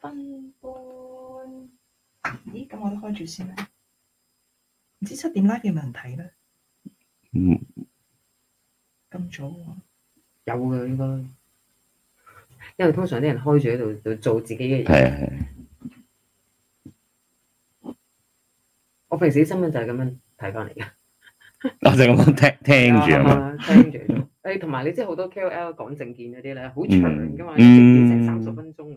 分半，咦？咁我都開住先啦。唔知七點拉嘅冇人睇咧。嗯，咁早啊？有嘅應該，因為通常啲人開住喺度做自己嘅嘢。係係。我平時啲新聞就係咁樣睇翻嚟嘅。我就咁樣聽聽住啊嘛，聽住。誒，同埋你知好多 KOL 講政見嗰啲咧，好長噶嘛，一節成三十分鐘。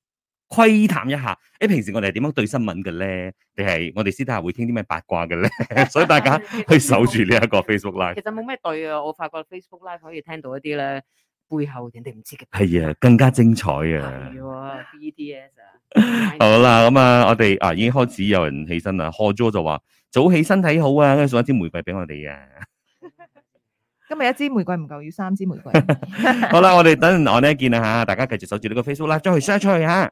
窺探一下，誒平時我哋係點樣對新聞嘅咧？定係我哋私底下會傾啲咩八卦嘅咧？所以大家去守住呢一個 Facebook Live。其實冇咩對啊，我發覺 Facebook Live 可以聽到一啲咧，背後人哋唔知嘅。係啊，更加精彩啊！係喎，BDS 啊！好啦，咁啊，我哋啊已經開始有人起身啦。何 jo 就話早起身體好啊，跟住送一枝玫瑰俾我哋啊！今日一枝玫瑰唔夠，要三枝玫瑰。好啦，我哋等陣我呢一見啊嚇，大家繼續守住呢個 Facebook Live，將佢 share 出去嚇。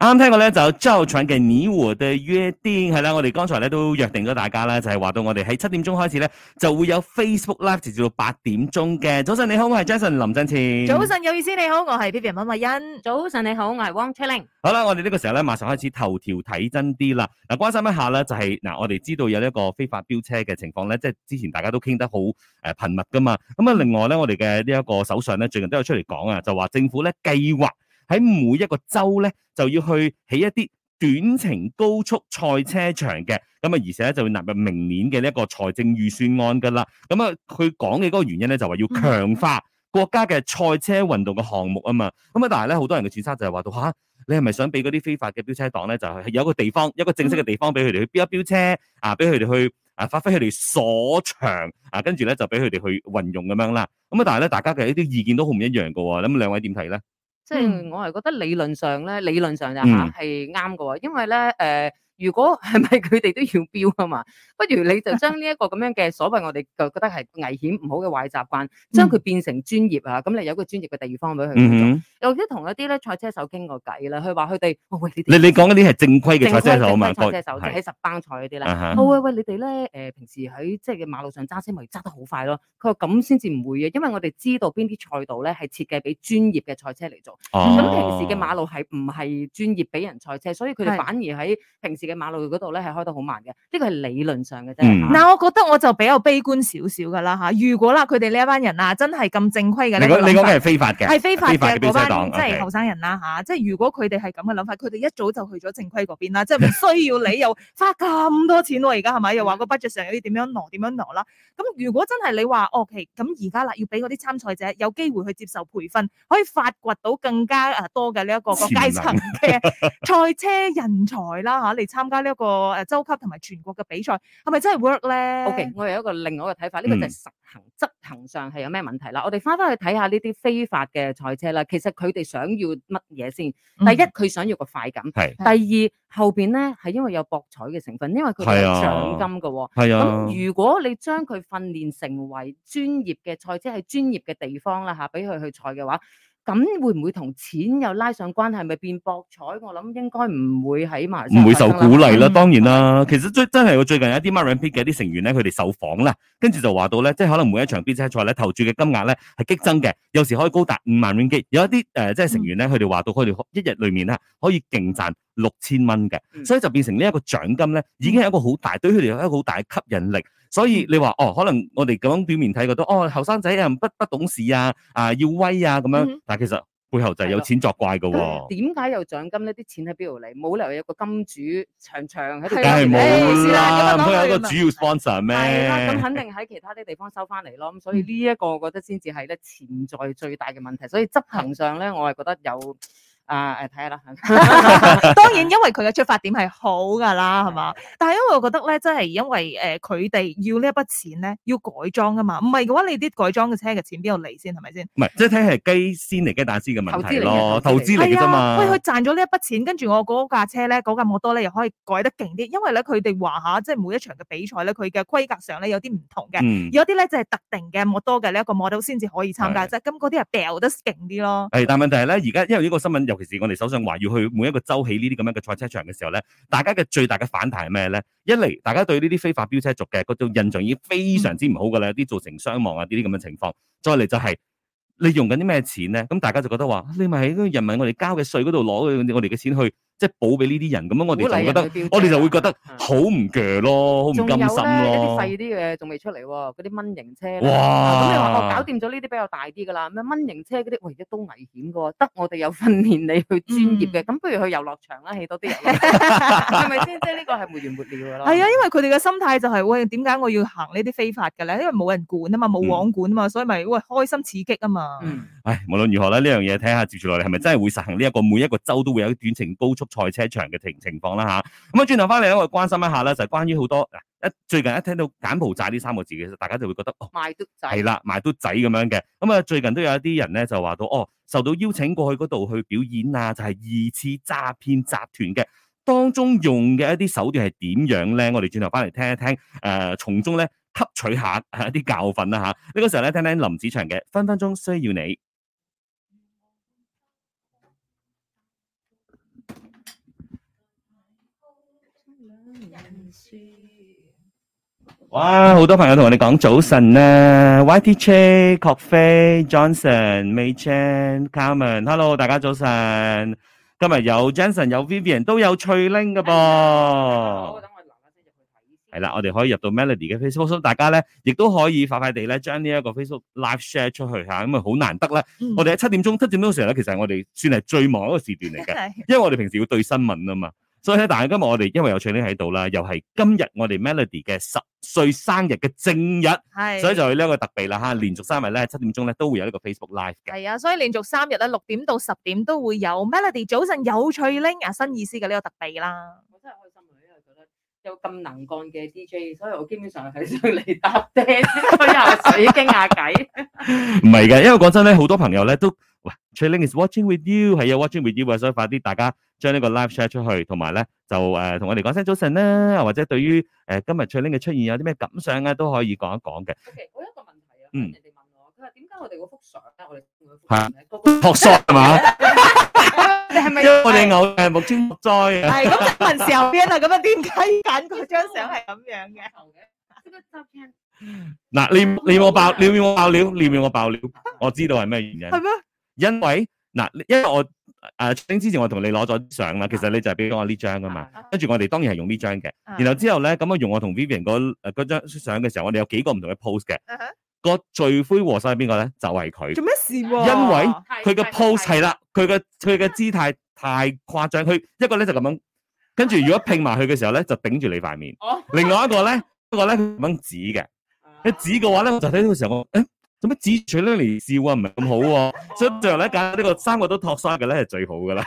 啱聽過咧，就周俊嘅你和我嘅約定」。h e 係啦。我哋剛才咧都約定咗大家咧，就係話到我哋喺七點鐘開始咧，就會有 Facebook Live 直至到八點鐘嘅。早晨你好，我係 Jason 林振前。早晨有意思你好，我係 Peter 文慧欣。早晨你好，我係汪卓玲。好啦，我哋呢個時候咧，馬上開始頭條睇真啲啦。嗱，關心一下咧，就係嗱，我哋知道有一個非法飆車嘅情況咧，即係之前大家都傾得好誒頻密噶嘛。咁啊，另外咧，我哋嘅呢一個首相咧，最近都有出嚟講啊，就話政府咧計劃。喺每一個州咧，就要去起一啲短程高速賽車場嘅，咁啊，而且咧就會納入明年嘅呢個財政預算案噶啦。咁、嗯、啊，佢講嘅嗰個原因咧，就話、是、要強化國家嘅賽車運動嘅項目啊嘛。咁啊，但係咧，好多人嘅揣測就係話到吓你係咪想俾嗰啲非法嘅飆車黨咧，就係、是、有一個地方，一個正式嘅地方俾佢哋去飆一飆車啊，俾佢哋去啊發揮佢哋所長啊，跟住咧就俾佢哋去運用咁樣啦。咁啊，但係咧，大家嘅一啲意見都好唔一樣嘅喎、哦。咁兩位點睇咧？嗯、即係我係覺得理論上咧，理論上就嚇係啱嘅喎，因為咧誒。呃如果係咪佢哋都要標啊嘛？不如你就將呢一個咁樣嘅所謂我哋就覺得係危險唔好嘅壞習慣，將佢變成專業啊！咁你有個專業嘅地方俾佢，又啲同一啲咧賽車手傾過偈啦，佢話佢哋，喂你你講嗰啲係正規嘅賽車手嘛？正規嘅賽車手喺十班賽嗰啲咧，哦喂喂你哋咧誒平時喺即係嘅馬路上揸車咪揸得好快咯？佢話咁先至唔會嘅，因為我哋知道邊啲賽道咧係設計俾專業嘅賽車嚟做，咁平時嘅馬路係唔係專業俾人賽車，所以佢哋反而喺平時。嘅馬路嗰度咧係開得好慢嘅，呢個係理論上嘅啫。嗱、嗯，啊、我覺得我就比較悲觀少少噶啦嚇。如果啦，佢哋呢一班人啊，真係咁正規嘅呢？你講嘅係非法嘅，係非法嘅嗰班，即係後生人啦嚇。即係如果佢哋係咁嘅諗法，佢哋一早就去咗正規嗰邊啦，即係唔需要你又花咁多錢喎、啊。而家係咪又話個 budget 上要點樣挪點樣挪啦？咁如果真係你話，OK，咁而家啦，要俾嗰啲參賽者有機會去接受培訓，可以發掘到更加多嘅呢一個能個階層嘅賽車人才啦、啊、你。參加呢一個誒州級同埋全國嘅比賽係咪真係 work 咧？OK，我有一個另外一個睇法，呢、呢個就係實行執行上係有咩問題啦。嗯、我哋翻翻去睇下呢啲非法嘅賽車啦。其實佢哋想要乜嘢先？第一，佢想要個快感；嗯、第二，後面咧係因為有博彩嘅成分，因為佢有獎金㗎喎。係啊，咁、啊、如果你將佢訓練成為專業嘅賽車，喺專業嘅地方啦嚇，俾佢去賽嘅話。咁會唔會同錢又拉上關係，咪變博彩？我諗應該唔會喺馬。唔會受鼓勵啦，嗯、當然啦。其實最真係我最近有啲 Mat Rempit 嘅啲成員咧，佢哋受訪啦，跟住就話到咧，即係可能每一場 B 車賽咧投注嘅金額咧係激增嘅，有時可以高達五萬 ringgit。有一啲、呃、即係成員咧，佢哋話到佢哋一日裏面咧可以勁賺六千蚊嘅，所以就變成呢一個獎金咧已經係一個好大，對佢哋有一個好大嘅吸引力。所以你話哦，可能我哋咁樣表面睇覺得哦，後生仔啊不不懂事啊，啊要威啊咁樣，但係其實背後就係有錢作怪噶。點解有獎金咧？啲錢喺邊度嚟？冇理由有個金主長長喺度，梗係冇啦。唔通有個主要 sponsor 咩？咁肯定喺其他啲地方收翻嚟咯。咁所以呢一個我覺得先至係咧潛在最大嘅問題。所以執行上咧，我係覺得有。啊誒，睇下啦。 當然，因為佢嘅出發點係好噶啦，係嘛？ 但係因為我覺得咧，真係因為誒，佢、呃、哋要這筆錢呢一筆錢咧，要改裝噶嘛？唔係嘅話，你啲改裝嘅車嘅錢邊度嚟先？係咪先？唔係、嗯，即係睇係雞先嚟雞蛋先嘅問題咯，投資嚟嘅啫嘛。喂，佢賺咗呢一筆錢，跟住我嗰架車咧，嗰架摩多咧，又可以改得勁啲。因為咧，佢哋話吓，即係每一場嘅比賽咧，佢嘅規格上咧有啲唔同嘅，有啲咧、嗯、就係、是、特定嘅摩多嘅呢一個 model 先至可以參加啫。咁嗰啲係掉得勁啲咯。係，但係問題係咧，而家因為呢個新聞尤其是我哋手上話要去每一個周起呢啲咁樣嘅賽車場嘅時候咧，大家嘅最大嘅反彈係咩咧？一嚟大家對呢啲非法飆車族嘅嗰種印象已經非常之唔好噶啦，啲造成傷亡啊，呢啲咁嘅情況。再嚟就係，你用緊啲咩錢咧？咁大家就覺得話，你咪喺人民我哋交嘅稅嗰度攞我哋嘅錢去。即係補俾呢啲人，咁樣我哋就覺得，我哋就會覺得好唔鋸咯，好唔甘心咯。仲有咧，啲細啲嘅仲未出嚟喎，嗰啲蚊型車。哇！咁、啊、你話我搞掂咗呢啲比較大啲噶啦，咩蚊型車嗰啲，喂，都危險噶得我哋有訓練你去專業嘅，咁不如去遊樂場啦，起多啲遊樂，係咪先？即係呢個係沒完沒了噶咯。係啊，因為佢哋嘅心態就係、是、喂，點解我要行呢啲非法嘅咧？因為冇人管啊嘛，冇王管啊嘛，所以咪喂開心刺激啊嘛。嗯、唉，無論如何咧，呢樣嘢睇下接住落嚟係咪真係會實行呢、這、一個，每一個州都會有短程高速。賽車場嘅情情況啦吓，咁啊轉頭翻嚟咧，我哋關心一下咧，就係關於好多一最近一聽到柬埔寨呢三個字，其實大家就會覺得哦，賣都仔係啦，賣都仔咁樣嘅，咁啊最近都有一啲人咧就話到哦，受到邀請過去嗰度去表演啊，就係、是、二次詐騙集團嘅當中用嘅一啲手段係點樣咧？我哋轉頭翻嚟聽一聽，誒、呃，從中咧吸取一下一啲教訓啦吓。呢、這個時候咧，聽聽林子祥嘅《分分鐘需要你》。哇！好多朋友同我哋講早晨咧，Y T J、Coffee Johnson、May Chan、Carmen，Hello，大家早晨。今日有 Johnson，有 Vivian，都有翠玲噶噃。好，等我留翻啲入去睇。係啦，我哋可以入到 Melody 嘅 Facebook，大家咧亦都可以快快地咧將呢一個 Facebook Live share 出去吓，咁啊好難得啦。嗯、我哋喺七點鐘七點鐘嘅時候咧，其實我哋算係最忙一個時段嚟嘅，是因為我哋平時要對新聞啊嘛。所以咧，但係今日我哋因為有趣拎喺度啦，又係今日我哋 Melody 嘅十歲生日嘅正日，係所以就呢一個特備啦嚇，連續三日咧，七點鐘咧都會有呢個 Facebook Live 嘅，係啊，所以連續三日咧，六點到十點都會有 Melody 早晨有趣拎啊新意思嘅呢個特備啦。有咁能幹嘅 DJ，所以我基本上係想嚟搭嗲，所以我死傾下偈。唔係嘅，因為講真咧，好多朋友咧都，喂，翠玲 is watching with you，係啊，watching with you 啊，所以快啲大家將呢個 live share 出去，同埋咧就誒同我哋講聲早晨啦，或者對於誒今日翠玲嘅出現有啲咩感想咧，都可以講一講嘅。OK，好一個問題啊，嗯，你哋問我，佢話點解我哋嗰幅相咧，我哋吓，都撲朔係嘛？是是因咪？我哋牛係目中無災啊，係咁 人事後邊啊，咁啊，點解揀嗰張相係咁樣嘅？嗱，你你冇爆，你冇爆料，你要唔要我，我爆料，我知道係咩原因？係咩嗎？因為嗱、啊，因為我誒、啊，之前我同你攞咗相啦，其實你就係俾我呢張噶嘛，跟住，uh huh. 我哋當然係用呢張嘅。然後之後咧，咁啊用我同 Vivian 嗰嗰張相嘅時候，我哋有幾個唔同嘅 pose 嘅、uh。Huh. 個罪魁禍首係邊個咧？就係佢做咩事、啊？因為佢個 pose 係啦，佢嘅，佢嘅姿態太誇張。佢 一個咧就咁樣，跟住如果拼埋去嘅時候咧，就頂住你塊面。哦 另外一個咧，一個咧咁樣指嘅，一指嘅話咧，我就睇到個時候我誒。欸做乜只取嚟笑啊？唔係咁好，所以最後咧揀呢個三個都托腮嘅咧係最好噶啦。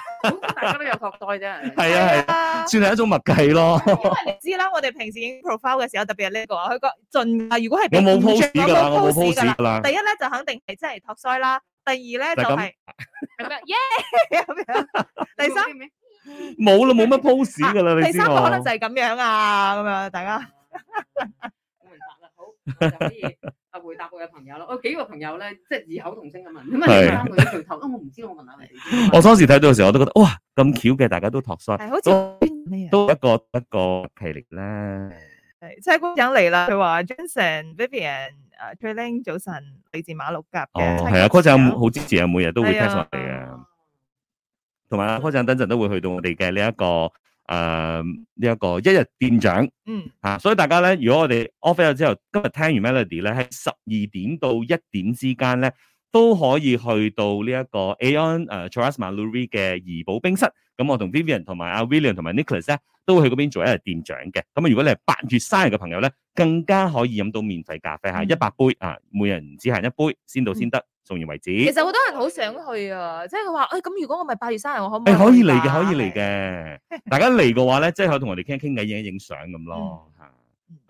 大家都有托腮啫，係啊係，算係一種默契咯。因為你知啦，我哋平時 profile 嘅時候，特別係呢個，佢個盡啊。如果係我冇 pose 噶啦，我冇 pose 噶啦。第一咧就肯定係真係托腮啦，第二咧就係咩？耶！第三冇啦，冇乜 pose 噶啦，你第三個可能就係咁樣啊，咁樣大家。我明白啦，好阿回答我嘅朋友咯，我幾個朋友咧，即係異口同聲咁問，因為三個抬頭，都我唔知我問下你。我當時睇到嘅時候，我都覺得哇，咁巧嘅，大家都托腮，係好似都一個一個奇力咧。係，即係科長嚟啦，佢話 Jason、Vivian、啊 Trailing 早晨，來自馬六甲嘅。哦，係啊，科長好支持啊，每日都會聽上嚟嘅。同埋科長等陣都會去到我哋嘅呢一個。誒，呢一個一日店長，嗯，吓，所以大家咧，如果我哋 offer 咗之後，今日聽完 Melody 咧，喺十二點到一點之間咧，都可以去到呢一個 Aon 誒 Charisma Louis 嘅怡寶冰室，咁我同 Vivian 同埋阿 William 同埋 Nicholas 咧，都會去嗰邊做一日店長嘅，咁啊，如果你係八月生日嘅朋友咧，更加可以飲到免費咖啡，吓，一百杯啊，每人只限一杯，先到先得。送完為止。其實好多人好想去啊，即係佢話，誒，咁如果我咪八月三日，我可唔可以？可以嚟嘅，可以嚟嘅。大家嚟嘅話咧，即係可以同我哋傾一傾偈，影一影相咁咯嚇。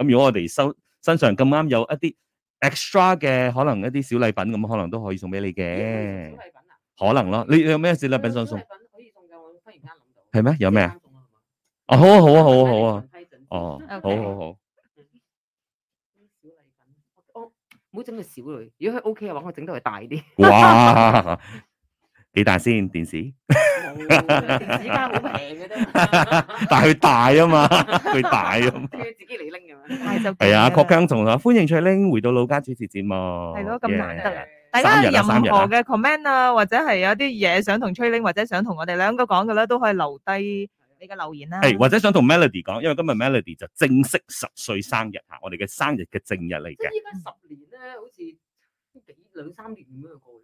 咁如果我哋收身上咁啱有一啲 extra 嘅，可能一啲小禮品咁，可能都可以送俾你嘅。小禮品啊？可能咯。你有咩小禮品想送？可以送嘅，我忽然間諗到。係咩？有咩啊？啊好啊好啊好啊好啊！哦，好，好，好。唔好整佢小佢，如果佢 O K 嘅話，我整到佢大啲。哇，幾大先？電視，電視家好平嘅啫，但係佢大啊嘛，佢大啊嘛，要自己嚟拎嘅嘛。係啊，郭強總啊，歡迎翠玲回到老家主持節目。係咯，咁難得啦。大家任何嘅 comment 啊，或者係有啲嘢想同翠玲，或者想同我哋兩個講嘅咧，都可以留低。你嘅留言啦、啊，誒，hey, 或者想同 Melody 講，因為今日 Melody 就正式十歲生日吓，我哋嘅生日嘅正日嚟嘅。即係依家十年咧，好似幾兩三年咁樣過咗。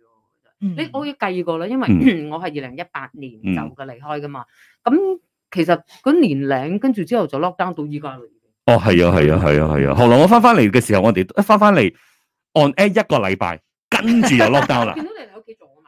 你我可以計過啦，因為我係二零一八年就嘅離開噶嘛。咁其實個年齡跟住之後就 lock down 到依家啦。哦，係啊，係啊，係啊，係啊。後、啊啊、來我翻翻嚟嘅時候，我哋一翻翻嚟按 at 一個禮拜，跟住又 lock down 啦。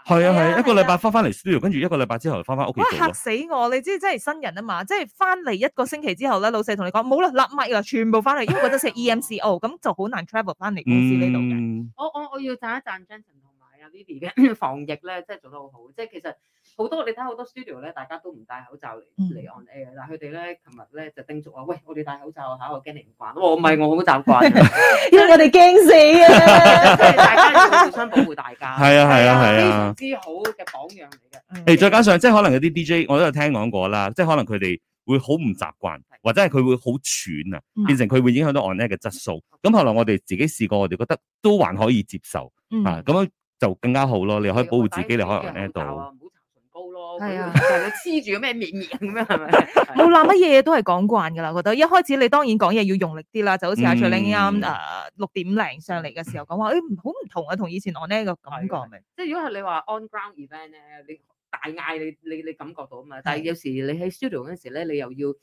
係啊係，一個禮拜翻翻嚟 studio，的跟住一個禮拜之後翻翻屋企。吓死我！你知真係新人啊嘛，即係翻嚟一個星期之後咧，老細同你講冇啦，立密啦，全部翻嚟，因為我得食 EMCO，咁就好難 travel 翻嚟公司呢度嘅。我我我要讚一讚 g e 呢啲嘅防疫咧，即係做得好好。即係其實好多，你睇好多 studio 咧，大家都唔戴口罩嚟 on air 嘅。嗯、但佢哋咧，琴日咧就叮囑我：「喂，我哋戴口罩我驚你唔慣。哦、我唔係，我好習慣， 因為我哋驚死啊！ 大家互相保護大家，係 啊，係啊，啊，啲、啊、好嘅榜樣嚟嘅。嗯、再加上即係可能有啲 DJ，我都有聽講過啦。即係可能佢哋會好唔習慣，或者係佢會好喘啊，變成佢會影響到 on air 嘅質素。咁、嗯、後來我哋自己試過，我哋覺得都還可以接受、嗯、啊。咁就更加好咯，你可以保護自己，的你可能喺度唔好搽唇膏咯。係啊，黐住個咩面面咁咩係咪？冇諗乜嘢都係講慣噶啦，我覺得一開始你當然講嘢要用力啲啦，就好似阿 Jolin 啱六點零上嚟嘅時候講話，誒唔好唔同啊，同以前我呢個感覺明即係如果係你話 on ground event 咧，你大嗌你你你感覺到啊嘛，但係有時你喺 studio 嗰陣時咧，你又要。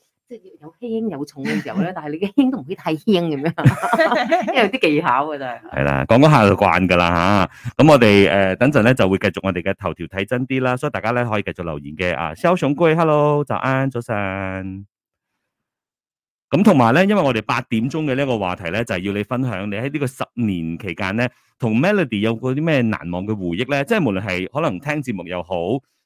有輕有重嘅時候咧，但係你嘅輕都唔可以太輕咁樣，因為啲技巧啊，真係係啦，講講下就慣噶啦吓。咁、啊、我哋誒、呃，等陣咧就會繼續我哋嘅頭條睇真啲啦，所以大家咧可以繼續留言嘅啊。肖雄哥，hello，早安早晨。咁同埋咧，因為我哋八點鐘嘅呢個話題咧，就係、是、要你分享你喺呢個十年期間咧，同 Melody 有過啲咩難忘嘅回憶咧，即、就、係、是、無論係可能聽節目又好。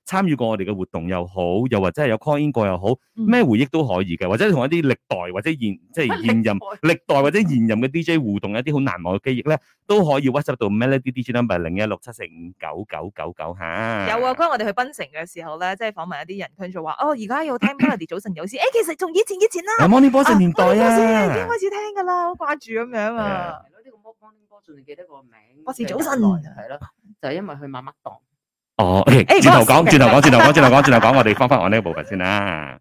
參與過我哋嘅活動又好，又或者係有 call in 過又好，咩回憶都可以嘅。或者同一啲歷代或者現即係現任歷代或者現任嘅 DJ 互動一啲好難忘嘅記、記憶咧，都可以 WhatsApp 到 Melody DJ number 零一六七四五九九九九嚇。有啊，剛我哋去檳城嘅時候咧，即係訪問一啲人，佢就話：哦，而家有聽 Melody 早晨有事。欸」誒其實從以前以前啦，Morning Boy 年代啊，已經開始聽㗎啦，好掛住咁樣啊。係咯的，呢個 Morning Boy 仲記得個名。m o 早晨 i n 係咯，就係、是、因為佢媽媽當。哦，OK，轉頭講，轉頭講，轉頭講，轉頭講，轉頭講，我哋翻翻我呢部分先啦。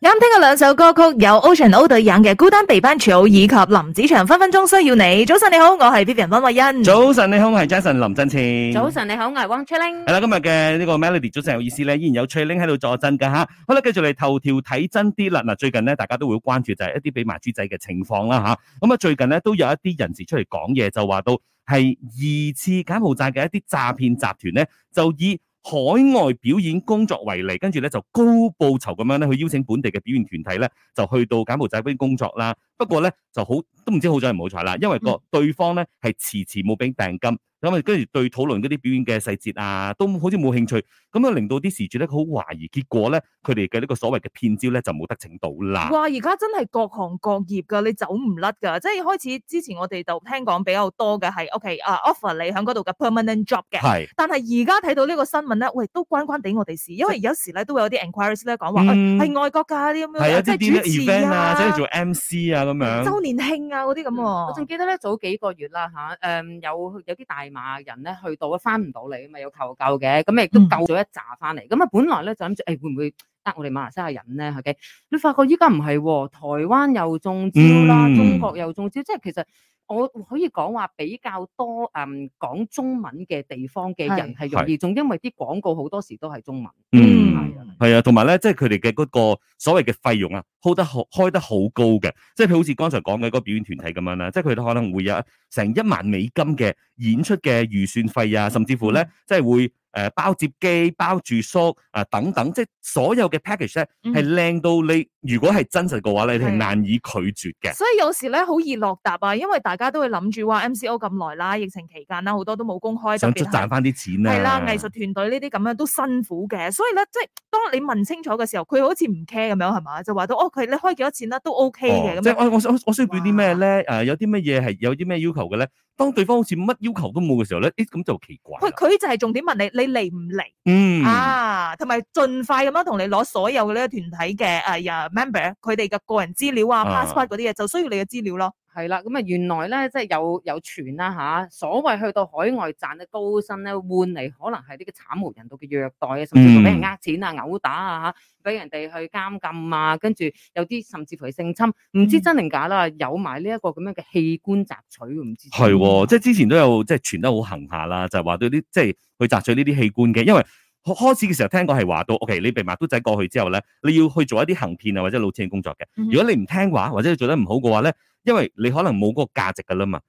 啱聽嘅兩首歌曲有 Ocean O 隊演嘅孤單被班處以及林子祥分分鐘需要你。早晨你好，我係 Vivian 溫慧欣。早晨你好，我係 Jason 林振慈。早晨你好，我係 Wang Chiling。係啦，今日嘅呢個 Melody，早晨有意思咧，依然有 Chiling 喺度坐鎮噶吓。好啦，繼續嚟頭條睇真啲啦。嗱，最近咧，大家都會關注就係一啲俾麻豬仔嘅情況啦吓。咁啊，最近咧都有一啲人士出嚟講嘢，就話到係疑似柬埔寨嘅一啲詐騙集團咧，就以海外表演工作為例，跟住咧就高報酬咁樣咧，去邀請本地嘅表演團體咧，就去到柬埔寨嗰邊工作啦。不過咧就好，都唔知好彩唔好彩啦，因為個對方咧係遲遲冇俾訂金，咁啊跟住對討論嗰啲表演嘅細節啊，都好似冇興趣，咁啊令到啲事主咧佢好懷疑，結果咧佢哋嘅呢個所謂嘅騙招咧就冇得逞到啦。哇！而家真係各行各業㗎，你走唔甩㗎，即係開始之前我哋就聽講比較多嘅係是 OK 啊、uh, offer 你喺嗰度嘅 permanent job 嘅，是但係而家睇到呢個新聞咧，喂都關關地我哋事，因為有時咧都會有啲 enquiries 咧講話係外國㗎啲咁樣即係主持啊，即、啊、做 MC 啊。周年慶啊，嗰啲咁喎。我仲記得咧，早幾個月啦吓，誒、啊、有有啲大馬人咧去到啊，翻唔到嚟啊嘛，有求救嘅，咁亦都救咗一紮翻嚟。咁啊、嗯、本來咧就諗住，誒、欸、會唔會得我哋馬來西亞人咧？O K，你發覺依家唔係，台灣又中招啦，嗯、中國又中招，即係其實。我可以講話比較多，嗯，講中文嘅地方嘅人係容易，仲的因為啲廣告好多時都係中文。嗯，係啊的，係啊，同埋咧，即係佢哋嘅嗰個所謂嘅費用啊，開得、就是、好，開得好高嘅，即係譬如好似剛才講嘅嗰個表演團體咁樣啦，即係佢哋可能會有成一萬美金嘅演出嘅預算費啊，甚至乎咧，即係會。誒、呃，包接機、包住宿啊、呃，等等，即係所有嘅 package 咧，係靚、嗯、到你，如果係真實嘅話你係難以拒絕嘅。所以有時咧，好易落答啊，因為大家都會諗住話 MCO 咁耐啦，疫情期間啦，好多都冇公開，想賺翻啲錢啦。係啦，藝術團隊呢啲咁樣都辛苦嘅，所以咧，即係當你問清楚嘅時候，佢好似唔 care 咁樣，係嘛？就話到哦，k 你開幾多錢啦、啊，都 OK 嘅。咁、哦樣哦、即係我，我我需要畀啲咩咧？誒哇、呃，有啲乜嘢係有啲咩要求嘅咧？當對方好似乜要求都冇嘅時候咧，誒咁就奇怪。佢佢就係重點問你，你嚟唔嚟？嗯啊，同埋盡快咁樣同你攞所有嘅呢個團體嘅呀、啊啊、member，佢哋嘅個人資料啊、passport 嗰啲嘢，啊、就需要你嘅資料咯。係啦，咁啊，原來咧，即係有有傳啦嚇。所謂去到海外賺嘅高薪咧，換嚟可能係呢個慘無人道嘅虐待啊，甚至乎俾人呃錢啊、毆打啊嚇，俾人哋去監禁啊，跟住有啲甚至乎係性侵，唔知真定假啦。嗯、有埋呢一個咁樣嘅器官摘取，唔知係喎，即係之前都有即係傳得好行下啦，就話對啲即係去摘取呢啲器官嘅，因為開始嘅時候聽講係話到，OK，你被賣豬仔過去之後咧，你要去做一啲行騙啊或者撈偏工作嘅。如果你唔聽話或者你做得唔好嘅話咧。因為你可能冇嗰個價值㗎啦嘛。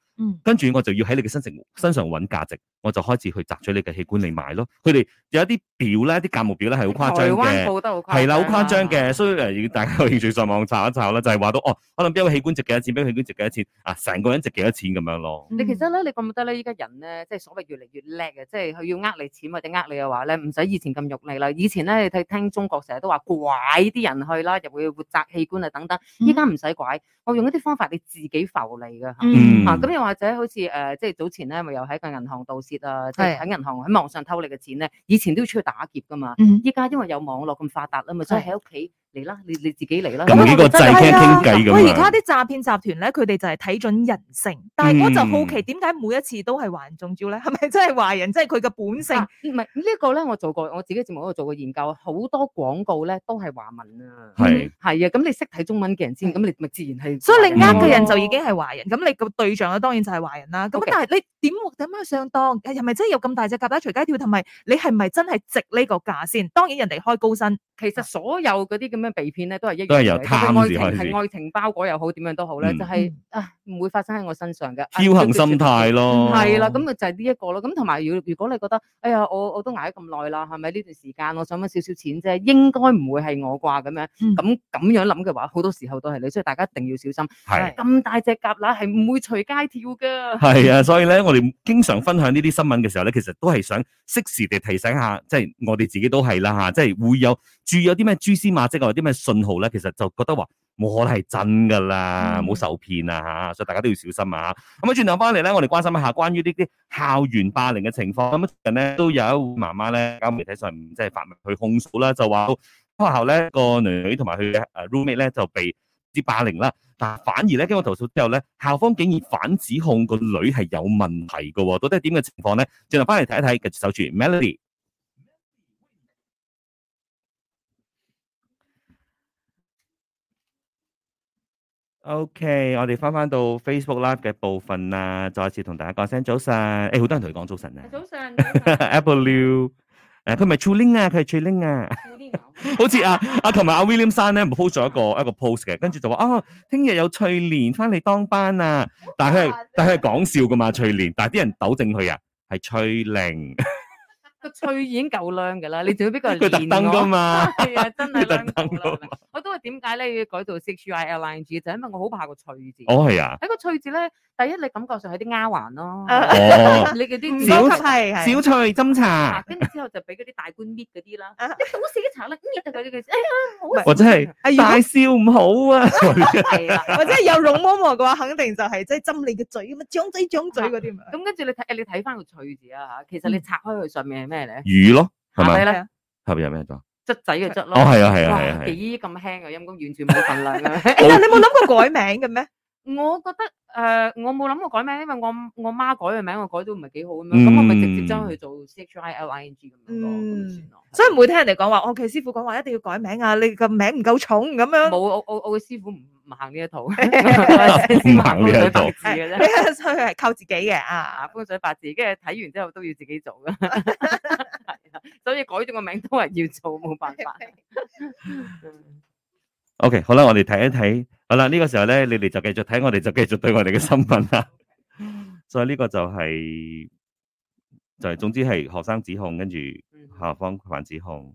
跟住我就要喺你嘅身上身上揾價、嗯、值，我就開始去摘取你嘅器官嚟賣咯。佢哋有一啲表咧，啲價目表咧係好誇張嘅，台灣報好誇張係啦，好誇張嘅，的所以大家有興趣上網查一查啦，就係、是、話到哦，可能邊一個器官值幾多錢，邊個器官值幾多錢啊，成個人值幾多錢咁樣咯。嗯、你其實咧，你覺唔覺得咧？依家人咧，即係所謂越嚟越叻嘅，即係佢要呃你錢或者呃你嘅話咧，唔使以前咁肉嚟啦。以前咧，你睇聽中國成日都話拐啲人去啦，又會活摘器官啊等等，依家唔使拐，嗯、我用一啲方法你自己浮嚟噶吓，咁又。嗯嗯或者好似誒，即、呃、係早前咧，咪又喺個銀行盜竊啊，即係喺銀行喺網上偷你嘅錢咧，以前都要出去打劫噶嘛，依家、嗯、因為有網絡咁發達嘛，咪就喺屋企。嚟啦，你你自己嚟啦。咁呢個就係傾偈咁。而家啲詐騙集團咧，佢哋就係睇準人性。但係我就好奇，點解每一次都係華人中招咧？係咪真係華人？即係佢嘅本性？唔係呢一個咧，我做過我自己節目嗰度做過研究，好多廣告咧都係華文啊。係係啊，咁你識睇中文嘅人先，咁你咪自然係。所以你呃嘅人就已經係華人，咁你個對象咧當然就係華人啦。咁但係你點點樣上當？係咪真係有咁大隻蛤乸隨街跳？同埋你係咪真係值呢個價先？當然人哋開高薪。其實所有嗰啲咁。咁被騙咧，都係益都係由貪字開,始開始愛情包裹又好，點樣都好咧，嗯、就係、是、啊，唔會發生喺我身上嘅僥倖心態咯。係啦、啊，咁、啊、就是啊、就呢、是、一、這個咯。咁同埋，如、啊、果如果你覺得，哎呀，我我都捱咗咁耐啦，係咪呢段時間我想揾少少錢啫，應該唔會係我啩咁、啊啊嗯、樣。咁咁樣諗嘅話，好多時候都係你，所以大家一定要小心。係咁大隻蛤乸係唔會隨街跳㗎。係啊，所以咧，我哋經常分享呢啲新聞嘅時候咧，嗯、其實都係想適時地提醒下，即、就、係、是、我哋自己都係啦吓，即、啊、係、就是、會有注有啲咩蛛絲馬跡有啲咩信號咧？其實就覺得話冇可能係真噶啦，冇、mm hmm. 受騙啊吓，所以大家都要小心啊！咁啊，轉頭翻嚟咧，我哋關心一下關於呢啲校園霸凌嘅情況。咁近咧，都有一個媽媽咧喺媒體上面即係發文去控訴啦，就話到學校咧個女同埋佢嘅誒 roommate 咧就被啲霸凌啦。但反而咧經過投訴之後咧，校方竟然反指控個女係有問題噶、哦，到底係點嘅情況咧？轉頭翻嚟睇一睇，繼續守住 Melody。O.K.，我哋翻翻到 Facebook Live 嘅部分啦，再一次同大家講聲早晨。誒、欸，好多人同你講早晨啊，早上。 Apple Liu，誒，佢唔係翠玲啊，佢係翠玲啊。好似啊，阿琴日阿 William 山咧，唔、啊啊、post 咗一個一個 post 嘅，跟住就話啊，聽日有翠蓮翻嚟當班啊，但係、啊、但係講、啊、笑噶嘛，翠蓮，但係啲人糾正佢啊，係翠玲。個翠已經夠娘噶啦，你仲要俾佢人電我。佢特登噶嘛，係啊，真係特登。我都係點解咧要改到 six-year-long 就係因為我好怕個翠字。哦，係啊。喺個翠字咧，第一你感覺上係啲丫鬟咯。你嘅啲小係係小翠斟茶，跟住之後就俾嗰啲大官搣嗰啲啦。你董事嘅層咧搣就嗰啲，哎呀，我真係大笑唔好啊。或者係有容嬤嬤嘅話，肯定就係即係針你嘅嘴啊嘛，掌嘴掌嘴嗰啲。咁跟住你睇，你睇翻個翠字啊，其實你拆開佢上面魚咯，係咪？後邊有咩檔？質仔嘅質咯，哦，係啊，係啊，係啊，咦，咁輕嘅陰功，完全冇份量嘅，但係你冇諗過改名嘅咩？我覺得誒、呃，我冇諗過改名，因為我我媽改個名，我改到唔係幾好咁樣，咁、嗯、我咪直接將佢做 C H I L I N G 咁樣咯，嗯、的所以唔會聽人哋講話。我其實師傅講話一定要改名啊，你個名唔夠重咁樣。冇，我我我嘅師傅唔唔行呢一套，唔行呢一套字嘅啫， 所以係靠自己嘅啊啊風水八字，跟住睇完之後都要自己做噶，所以改咗個名都係要做，冇辦法。 o、okay, K，好啦，我哋睇一睇。好啦，呢個時候咧，你哋就繼續睇，我哋就繼續對我哋嘅新聞啦。所以呢個就係就係，總之係學生指控，跟住校方反指控，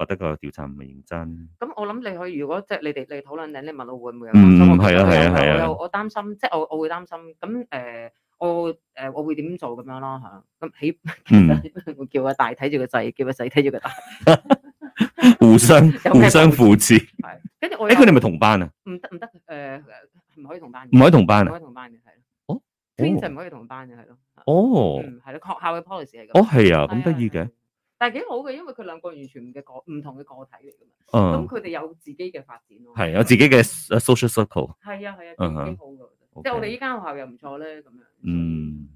覺得個調查唔係認真。咁我諗你去，如果即係你哋嚟討論，你你問我會唔會有擔心？嗯，係啊，係啊，係啊。我擔心，即係我我會擔心。咁誒，我誒，我會點做咁樣咯吓？咁起，我叫阿大睇住個仔，叫個仔睇住個大，互相互相扶持。誒，佢哋咪同班啊？唔得唔得，誒，唔可以同班，唔可以同班，唔可以同班嘅，係咯。哦，twins 就唔可以同班嘅，係咯。哦，嗯，係咯，學校嘅 policy 係咁。哦，係啊，咁得意嘅，但係幾好嘅，因為佢兩個完全唔嘅個唔同嘅個體嚟嘅嘛。咁佢哋有自己嘅發展咯。係有自己嘅 social circle。係啊係啊，嗯，幾好噶。即係我哋依間學校又唔錯咧，咁樣。嗯，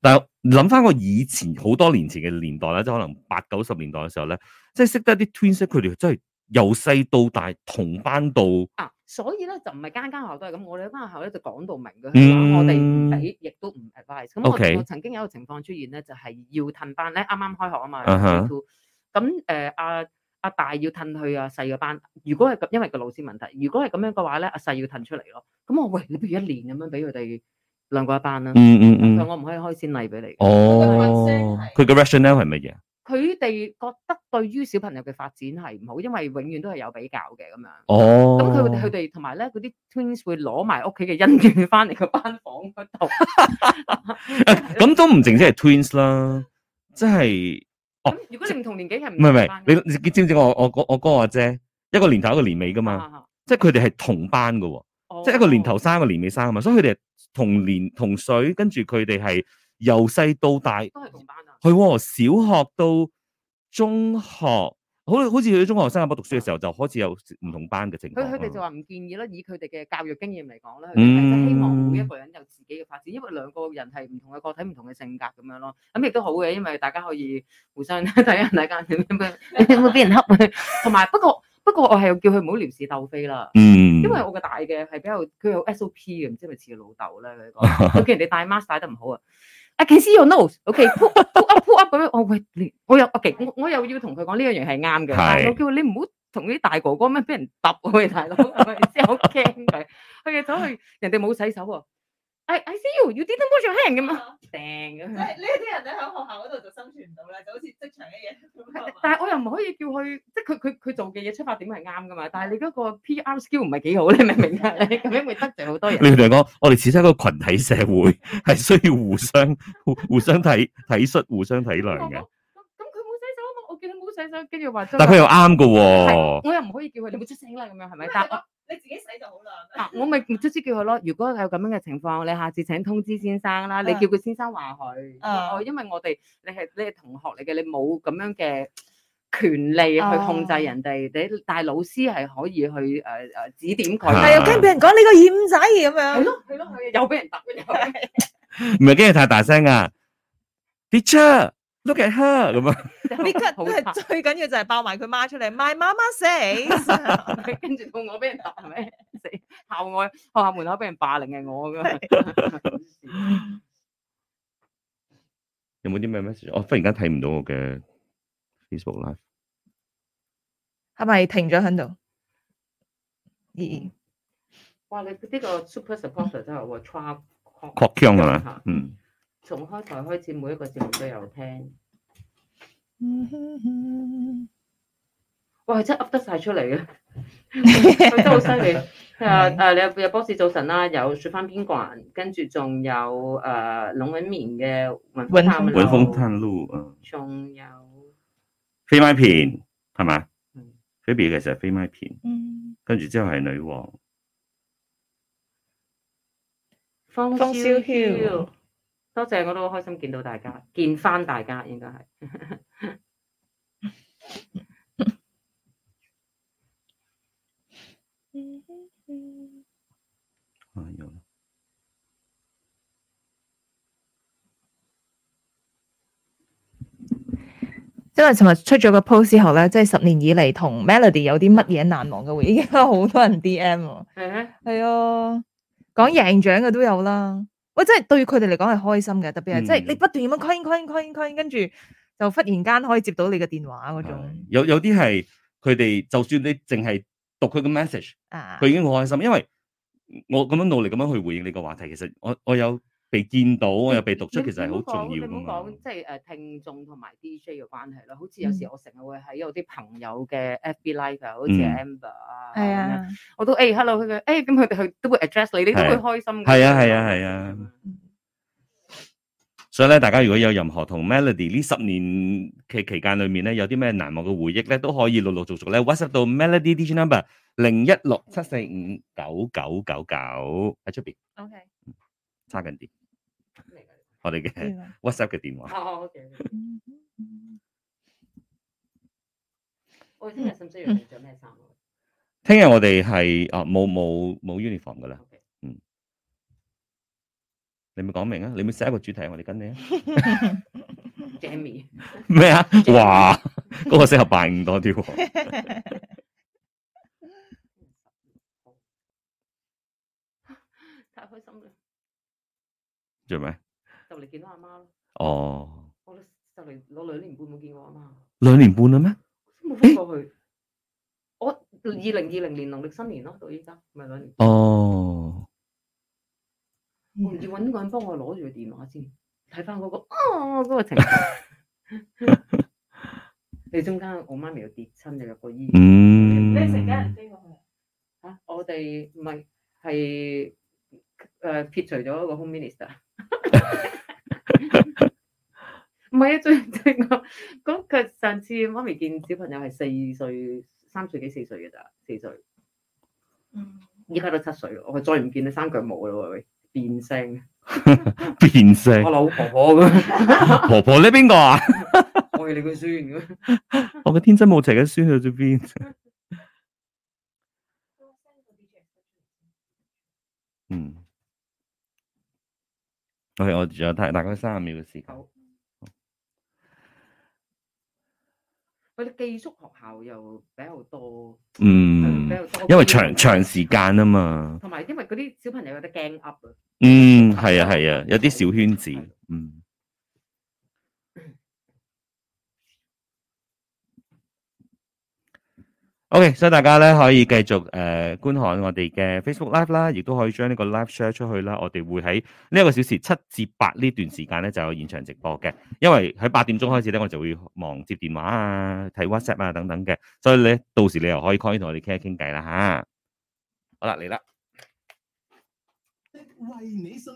但係諗翻我以前好多年前嘅年代啦，即係可能八九十年代嘅時候咧，即係識得啲 twins，佢哋真係。由細到大同班到啊，所以咧就唔係間間學校都係咁，我哋一間學校咧就講到明嘅，嗯、我哋唔俾，亦都唔 advise。咁我我曾經有一個情況出現咧，就係、是、要褪班咧，啱啱開學啊嘛，咁誒阿阿大要褪去阿細個班，如果係因為個老師問題，如果係咁樣嘅話咧，阿、啊、細要褪出嚟咯。咁我喂，你不如一年咁樣俾佢哋兩個一班啦，啊嗯。嗯嗯嗯，但我唔可以開先例俾你。哦，佢嘅 rationale 係乜嘢？佢哋覺得對於小朋友嘅發展係唔好，因為永遠都係有比較嘅咁樣。哦，咁佢佢哋同埋咧嗰啲 twins 會攞埋屋企嘅恩怨翻嚟個班房嗰度。咁都唔淨止係 twins 啦，即係哦。如果你唔同年紀係唔係咪？是你你知唔知我我，我哥我哥阿、啊、姐、嗯、一個年頭一個年尾噶嘛？Uh, uh, 即係佢哋係同班嘅喎，uh, uh, 即係一個年頭生一個年尾生啊嘛，uh, uh, uh, 所以佢哋同年同歲，跟住佢哋係由細到大都係同班。係、哦，小學到中學，好好似喺中學喺新加坡讀書嘅時候就開始有唔同班嘅情況。佢哋就話唔建議啦，以佢哋嘅教育經驗嚟講咧，希望每一個人有自己嘅發展，嗯、因為兩個人係唔同嘅個體、唔同嘅性格咁樣咯。咁、嗯、亦都好嘅，因為大家可以互相睇下 大家點樣，你會唔會俾人恰？同埋不過不過，不過我係叫佢唔好撩事鬥非啦。嗯、因為我個大嘅係比較佢有 SOP 嘅，唔知係咪似老豆咧？佢講，佢見 人哋大媽帶得唔好啊。I can see your nose，OK，u、okay. 撲撲 up 咁樣、oh, okay, Yeah. cons。喂你我又，OK，我我又要同佢講呢樣嘢係啱嘅。我叫你唔好同啲大哥哥咩俾人揼，喂大佬，真係好驚佢。佢哋走去，人哋冇洗手 S I I you. You your hand. s e 係 I C U 要啲都摸住黑人噶嘛，掟、huh. 咁。呢呢啲人咧喺學校嗰度就生存唔到啦，就好似職場嘅嘢。但係我又唔可以叫佢，即係佢佢佢做嘅嘢出發點係啱噶嘛。但係你嗰個 P R skill 唔係幾好，你明唔明啊？ 你咁樣會得罪好多人。你同我講，我哋始終一個群體社會係需要互相互相體體恤， transfer, 互相體諒嘅。咁佢冇洗手啊嘛，我見佢冇洗手，跟住話。但佢又啱嘅喎，我又唔可以叫佢，你冇出聲啦，咁樣係咪？但你自己洗就好啦。嗱、啊，我咪直接叫佢咯。如果有咁樣嘅情況，你下次請通知先生啦。啊、你叫佢先生話佢。哦、啊，因為我哋你係你係同學嚟嘅，你冇咁樣嘅權利去控制人哋。啊、你但係老師係可以去誒誒、呃呃、指點佢。啊、但係又驚俾人講你個染仔咁樣。係咯係咯係，又俾人揼嘅。唔係驚你太大聲啊 Teacher Look at her 咁啊，呢個好怕，最緊要就係爆埋佢媽出嚟。My mom says，跟住到我俾人鬧係咪？死，校外學校門口俾人霸凌係我噶。有冇啲咩咩事？我忽然間睇唔到我嘅 Facebook Live，係咪停咗喺度？咦！哇，你呢個 super supporter 真係我誇張，擴腔係咪？嗯。從開台開始，每一個節目都有聽。哇，真係噏得晒出嚟啊！真好犀利。啊啊，你有有波士早晨啦，有雪翻邊個人，跟住仲有誒，龍永綿嘅《文風探路》。文風探路啊！仲有菲麥片係咪？嗯，菲比其實係菲麥片。嗯。跟住之後係女王。風蕭蕭。多謝，我都好開心見到大家，見翻大家應該係。哎呀！因為尋日出咗個 post 之後咧，即係十年以嚟同 Melody 有啲乜嘢難忘嘅回憶，應該好多人 DM 啊。係啊，係啊，講贏獎嘅都有啦。即係對佢哋嚟講係開心嘅，特別係，即係你不斷咁樣 call call call call，跟住就忽然間可以接到你嘅電話嗰種有。有有啲係佢哋，就算你淨係讀佢嘅 message，佢、啊、已經好開心，因為我咁樣努力咁樣去回應你個話題，其實我我有。被見到又被讀出，其實係好重要嘅。咁講即係誒聽眾同埋 DJ 嘅關係啦。好似有時我成日會喺有啲朋友嘅 FB Live，好似係 amber 啊，我都誒 hello 佢嘅，誒咁佢哋佢都會 address 你，你都會開心嘅。係啊係啊係啊！所以咧，大家如果有任何同 Melody 呢十年嘅期間裏面咧，有啲咩難忘嘅回憶咧，都可以陸陸續續咧 WhatsApp 到 Melody DJ number 零一六七四五九九九九喺出邊。OK，揸緊啲。我哋嘅 WhatsApp 嘅電話。好，好，好，OK。我聽日使唔使要着咩衫？聽日我哋係啊，冇冇冇 uniform 噶啦。嗯，你咪講明啊，你咪寫一個主題，我哋跟你啊。Jamie。咩啊？哇，嗰個適合扮多啲喎。太開心啦！做咩？你見到阿媽咯～哦，我隔離攞兩年半冇見過阿媽，媽。兩年半啦咩？都冇飛過去。欸、我二零二零年農曆新年咯，到依家咪兩年。哦，我唔要揾個人幫我攞住電話先，睇翻嗰個啊嗰，哦那個情況。你中間我媽咪有跌親，你有，嗯這個醫院？你成家人飛過去啊？我哋唔係係誒撇除咗個 home minister。 唔係啊，最最我咁佢上次媽咪見小朋友係四歲，三歲幾四歲嘅咋，四歲，嗯，依家都七歲咯，我再唔見你生腳毛咯，喂，變聲， 變聲成，我老婆婆咁， 婆婆你邊個啊？ 我係你個孫咁， 我個天真無邪嘅孫去咗邊？ 嗯。係我仲有大大概三十秒嘅時間。佢哋寄宿學校又比較多，嗯，比較多，因為長長時間啊嘛。同埋因為嗰啲小朋友有得驚 up。嗯，係啊，係啊，有啲小圈子，嗯。OK，所以大家咧可以繼續誒、呃、觀看我哋嘅 Facebook Live 啦，亦都可以將呢個 Live share 出去啦。我哋會喺呢一個小時七至八呢段時間咧就有現場直播嘅，因為喺八點鐘開始咧我就會忙接電話啊、睇 WhatsApp 啊等等嘅，所以咧到時你又可以可以同我哋傾一傾偈啦吓。好啦，嚟啦。為你心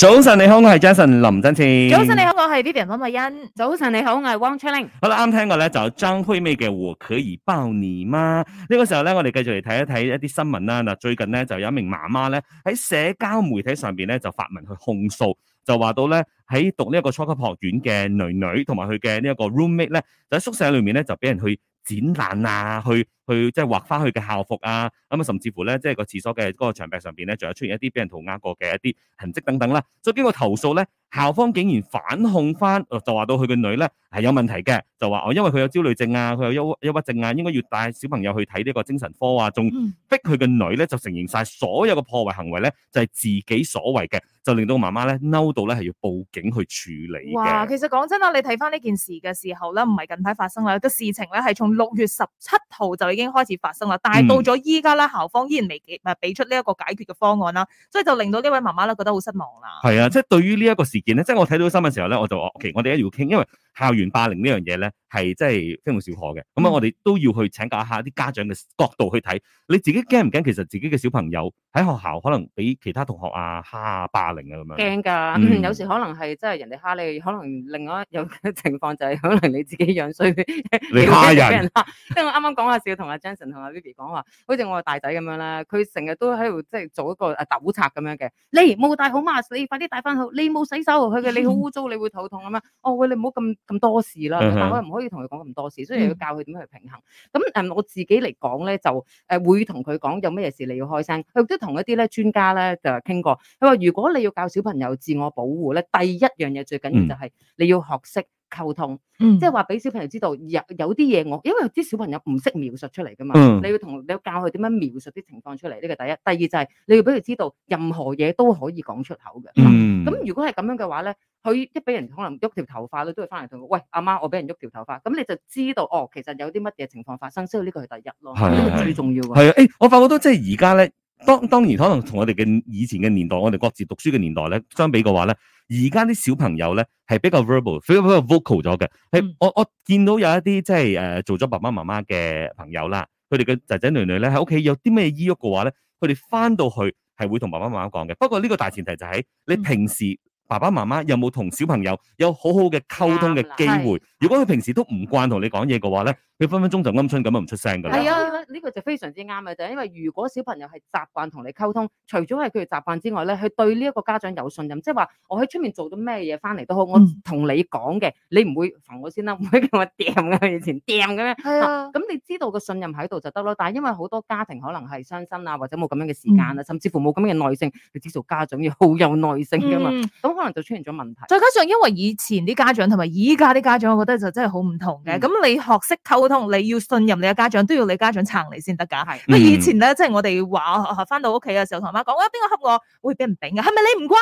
早晨你好，我係 Jason 林振前。早晨你好，我係 Vivian 方慧欣。早晨你好，我係 Wong Cheung Ling。好啦，啱聽過咧就有張惠妹嘅我「可以抱你嗎？呢，這個時候呢，我哋繼續嚟睇一睇一啲新聞啦。最近呢，就有一名媽媽呢喺社交媒體上面呢就發文去控訴，就話到呢喺讀呢一個初級學院嘅女女同埋佢嘅呢一個 roommate 咧喺宿舍裏面呢就俾人去剪爛啊，去，去即係畫翻佢嘅校服啊，咁啊，甚至乎咧，即係個廁所嘅嗰個牆壁上邊咧，仲有出現一啲俾人塗鴉過嘅一啲痕跡等等啦。所以經過投訴咧，校方竟然反控翻，就話到佢個女咧係有問題嘅，就話我因為佢有焦慮症啊，佢有憂憂鬱症啊，應該要帶小朋友去睇呢個精神科啊，仲逼佢個女咧就承認晒所有嘅破壞行為咧就係、是、自己所為嘅，就令到媽媽咧嬲到咧係要報警去處理哇。其實講真啦，你睇翻呢件事嘅時候咧，唔係近排發生啦，個事情咧係從六月十七號就已經已經開始發生啦，但係到咗依家咧，嗯、校方依然未結，俾出呢一個解決嘅方案啦，所以就令到呢位媽媽咧覺得好失望啦。係啊，即係對於呢一個事件咧，即係我睇到新聞嘅時候咧，我就，OK，我哋一定要傾，因為校園霸凌這件事呢樣嘢咧。係真係非常少可嘅，咁啊，我哋都要去請教一下啲家長嘅角度去睇，你自己驚唔驚？其實自己嘅小朋友喺學校可能俾其他同學啊蝦霸凌啊咁樣。驚㗎、嗯嗯，有時可能係真係人哋蝦你，可能另外有情況就係可能你自己樣衰，你蝦人。即係我啱啱講下笑，同阿 Jason 同阿 Vivi 講話，好似我個大仔咁樣啦，佢成日都喺度即係做一個啊督察咁樣嘅。你冇戴好 mask，你快啲戴翻好。你冇洗手，佢嘅你好污糟，你會肚痛咁樣。嗯、哦喂，你唔好咁咁多事啦，但唔可要同佢講咁多事，所以你要教佢點樣去平衡。咁誒、嗯，我自己嚟講咧，就誒會同佢講有乜嘢事你要開聲。佢都同一啲咧專家咧就傾過。佢話如果你要教小朋友自我保護咧，第一樣嘢最緊要就係你要學識溝通，即係話俾小朋友知道有有啲嘢我，因為啲小朋友唔識描述出嚟噶嘛、嗯，你。你要同你要教佢點樣描述啲情況出嚟，呢、呢個第一。第二就係你要俾佢知道任何嘢都可以講出口嘅。咁、嗯、如果係咁樣嘅話咧。佢一俾人可能喐條頭髮咧，都會翻嚟同我喂，阿媽，我俾人喐條頭髮，咁你就知道哦，其實有啲乜嘢情況發生，所以呢個係第一咯，呢個最重要嘅係啊！誒、欸，我發覺到，即係而家咧，當當然可能同我哋嘅以前嘅年代，我哋各自讀書嘅年代咧相比嘅話咧，而家啲小朋友咧係比較 verbal，比較比較 vocal 咗嘅。係我我見到有一啲即係誒做咗爸爸媽媽嘅朋友啦，佢哋嘅仔仔女女咧喺屋企有啲咩咿喐嘅話咧，佢哋翻到去係會同爸爸媽媽講嘅。不過呢個大前提就係、是、你平時。嗯爸爸媽媽有冇同小朋友有好好嘅溝通嘅機會？如果佢平時都唔慣同你講嘢嘅話咧，佢分分鐘就鵪鶉咁樣唔出聲嘅啦。係啊，呢、呢個就非常之啱嘅，就係因為如果小朋友係習慣同你溝通，除咗係佢哋習慣之外咧，佢對呢一個家長有信任，即係話我喺出面做到咩嘢翻嚟都好，我同你講嘅，嗯、你唔會煩我先啦，唔會咁樣掂嘅 以前掂嘅咩？咁你知道個信任喺度就得咯。但係因為好多家庭可能係雙薪啊，或者冇咁樣嘅時間啊，嗯、甚至乎冇咁嘅耐性。你知道家長要好有耐性嘅嘛，咁、嗯。嗯可能就出現咗問題，再加上因為以前啲家長同埋依家啲家長，我覺得就真係好唔同嘅。咁、嗯、你學識溝通，你要信任你嘅家長，都要你家長撐你先得㗎。係，不、嗯、以前咧，即、就、係、是、我哋話返到屋企嘅時候，同媽講：我有邊個恰我，會俾唔俾㗎？係咪你唔乖？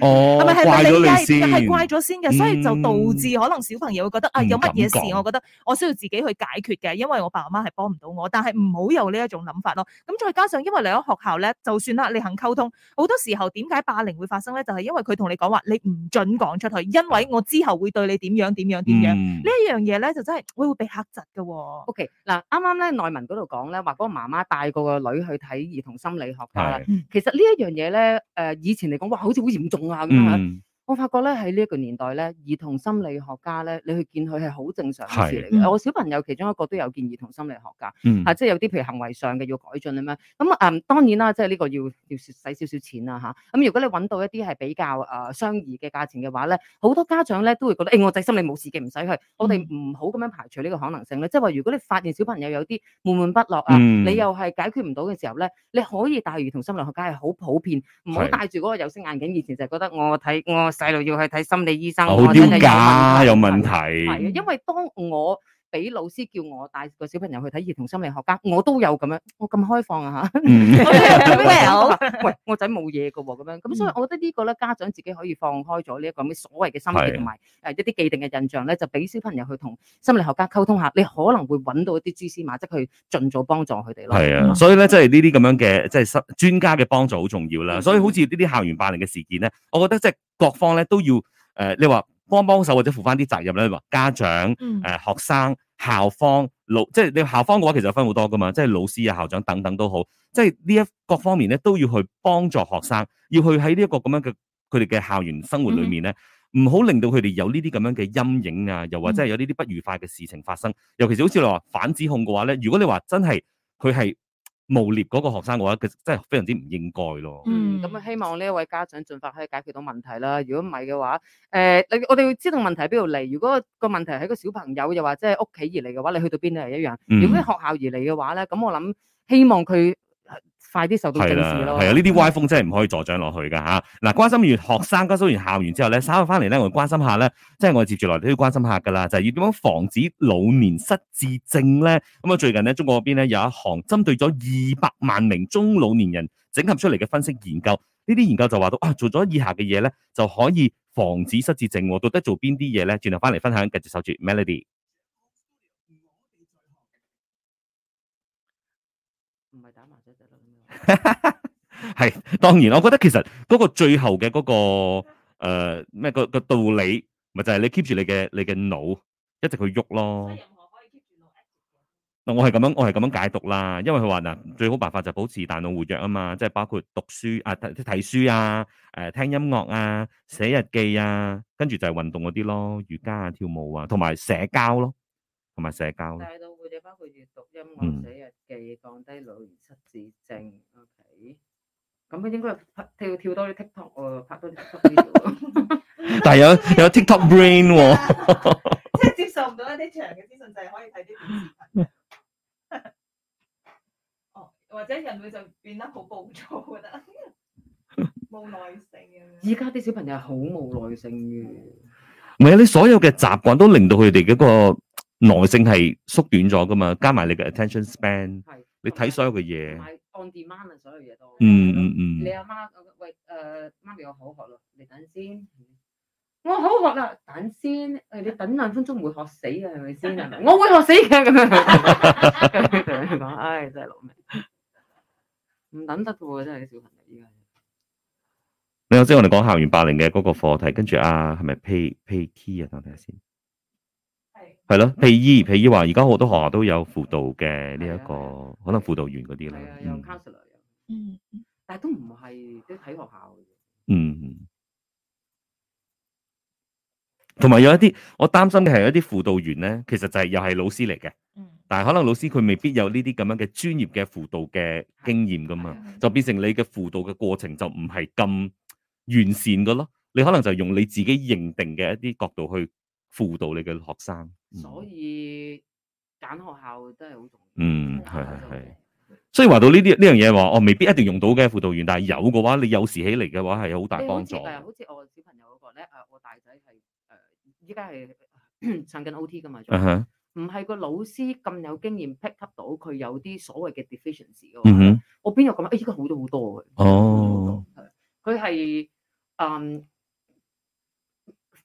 哦，係咪係咪你，你乖？係怪咗先嘅，所以就導致可能小朋友會覺得啊，有乜嘢事，我覺得我需要自己去解決嘅，因為我爸我媽係幫唔到我。但係唔好有呢一種諗法咯。咁再加上因為嚟咗學校咧，就算啦，你肯溝通，好多時候點解霸凌會發生咧？就係、是、因為佢同你講。講話你唔准講出去，因為我之後會對你點樣點樣點樣、嗯、這樣東西呢一樣嘢咧，就真係會會俾嚇窒嘅。O K，嗱啱啱咧內文嗰度講咧，話嗰個媽媽帶個個女去睇兒童心理學家啦。是其實這東西呢一樣嘢咧，誒、呃，以前嚟講，哇，好似好嚴重啊咁、嗯我發覺咧喺呢一個年代咧，兒童心理學家咧，你去見佢係好正常嘅事嚟嘅。是我小朋友其中一個都有見兒童心理學家，嚇、嗯啊，即係有啲譬如行為上嘅要改進咁樣。咁啊，嗯，當然啦，即係呢個要要使少少錢啊，嚇、啊。咁如果你揾到一啲係比較誒、呃、相宜嘅價錢嘅話咧，好多家長咧都會覺得，誒、欸，我仔心理冇事嘅唔使去，嗯、我哋唔好咁樣排除呢個可能性咧。即係話如果你發現小朋友有啲悶悶不樂啊，嗯、你又係解決唔到嘅時候咧，你可以帶兒童心理學家係好普遍，唔好是帶住嗰個有色眼鏡，以前就係覺得我睇我。細路要去睇心理醫生，好丟架，我真係有問題。係啊，因為當我。俾老師叫我帶個小朋友去睇兒童心理學家，我都有咁樣，我咁開放啊嚇！ 喂，我仔冇嘢㗎喎，咁樣咁，嗯、所以我覺得呢個呢個咧，家長自己可以放開咗呢一個咩所謂嘅心理，同埋誒一啲既定嘅印象咧，就俾小朋友去同心理學家溝通下，你可能會揾到一啲蛛絲馬跡，即係、去盡早幫助佢哋咯。係啊，嗯、啊所以咧，即係呢啲咁樣嘅即係專專家嘅幫助好重要啦。所以好似呢啲校園霸凌嘅事件咧，我覺得即係各方咧都要誒、呃，你話。幫幫手或者負翻啲責任咧，話家長、誒、呃、學生、校方老，即係你校方嘅話，其實分好多噶嘛，即係老師啊、校長等等都好，即係呢一各方面咧都要去幫助學生，要去喺呢一個咁樣嘅佢哋嘅校園生活裏面咧，唔好令到佢哋有呢啲咁樣嘅陰影啊，又或者係有呢啲不愉快嘅事情發生，尤其是好似你話反指控嘅話咧，如果你話真係佢係。誣衊嗰個學生嘅話，佢真係非常之唔應該咯。嗯，咁啊，希望呢一位家長盡快可以解決到問題啦。如果唔係嘅話，誒、呃，你我哋要知道問題喺邊度嚟。如果個問題係喺個小朋友又或者係屋企而嚟嘅話，你去到邊都係一樣。嗯、如果學校而嚟嘅話咧，咁我諗希望佢。快啲受到正視咯，係啊！呢啲歪風真係唔可以助長落去噶嚇。嗱，啊，關心完學生，關心完校園之後咧，稍後翻嚟咧，我關心下咧，即係我接住來都要關心下噶啦，就係要點樣防止老年失智症咧？咁啊，最近咧，中國嗰邊咧有一項針對咗二百萬名中老年人整合出嚟嘅分析研究，呢啲研究就話到啊，做咗以下嘅嘢咧就可以防止失智症。我到底做邊啲嘢咧？轉頭翻嚟分享，繼續守住 Melody。Mel 係，當然，我覺得其實嗰個最後嘅嗰個誒咩個個道理，咪就係你 keep 住你嘅你嘅腦一直去喐咯。嗱，我係咁樣，我係咁樣解讀啦。因為佢話嗱，最好辦法就係保持大腦活躍啊嘛，即係包括讀書啊、睇睇書啊、誒聽音樂啊、寫日記啊，跟住就係運動嗰啲咯，瑜伽啊、跳舞啊，同埋社交咯，同埋社交咯。或者包括閱讀、音樂、寫日記，降低老年失智症。O K，咁佢應該拍跳跳多啲 TikTok 喎，拍多啲 TikTok。但係有有 TikTok brain 喎，即係接受唔到一啲長嘅資訊，就係可以睇啲短視頻。哦，或者人類就變得好暴躁啊！覺得冇耐性咁樣。而家啲小朋友係好冇耐性嘅。唔係啊，你所有嘅習慣都令到佢哋嗰個。耐性係縮短咗噶嘛，加埋你嘅 attention span，你睇所有嘅嘢，係 on demand 啊，所有嘢都，嗯嗯嗯。你阿媽喂，誒，媽咪，我好渴咯，你等先，我好渴啦，等先，誒，你等兩分鐘會渴死嘅係咪先？我會渴死嘅咁樣，講，唉，真係攞命，唔等得噶喎，真係啲小朋友依家。你好，即係我哋講校園霸凌嘅嗰個課題，跟住啊，係咪 pay pay key 啊？等睇下先。係咯，譬如譬如話，而家好多學校都有輔導嘅呢一個，嗯、可能輔導員嗰啲啦。嗯，但係都唔係即喺學校，嗯、同埋、嗯、有一啲，我擔心嘅係有一啲輔導員咧，其實就係又係老師嚟嘅。嗯、但係可能老師佢未必有呢啲咁樣嘅專業嘅輔導嘅經驗噶嘛，就變成你嘅輔導嘅過程就唔係咁完善噶咯。你可能就用你自己認定嘅一啲角度去輔導你嘅學生，嗯、所以揀學校真係好重要。嗯，係係係。所以話到呢啲呢樣嘢話，我、哦、未必一定用到嘅輔導員，但係有嘅話，你有時起嚟嘅話係好大幫助、嗯。好似係，好似我小朋友嗰個咧，啊，我大仔係誒，依家係趁緊 OT 嘅嘛。唔係、uh huh. 個老師咁有經驗，pick up 到佢有啲所謂嘅 deficiency 嘅。哼、哎，我邊有咁啊？依家好多好多嘅。哦，佢係誒。嗯。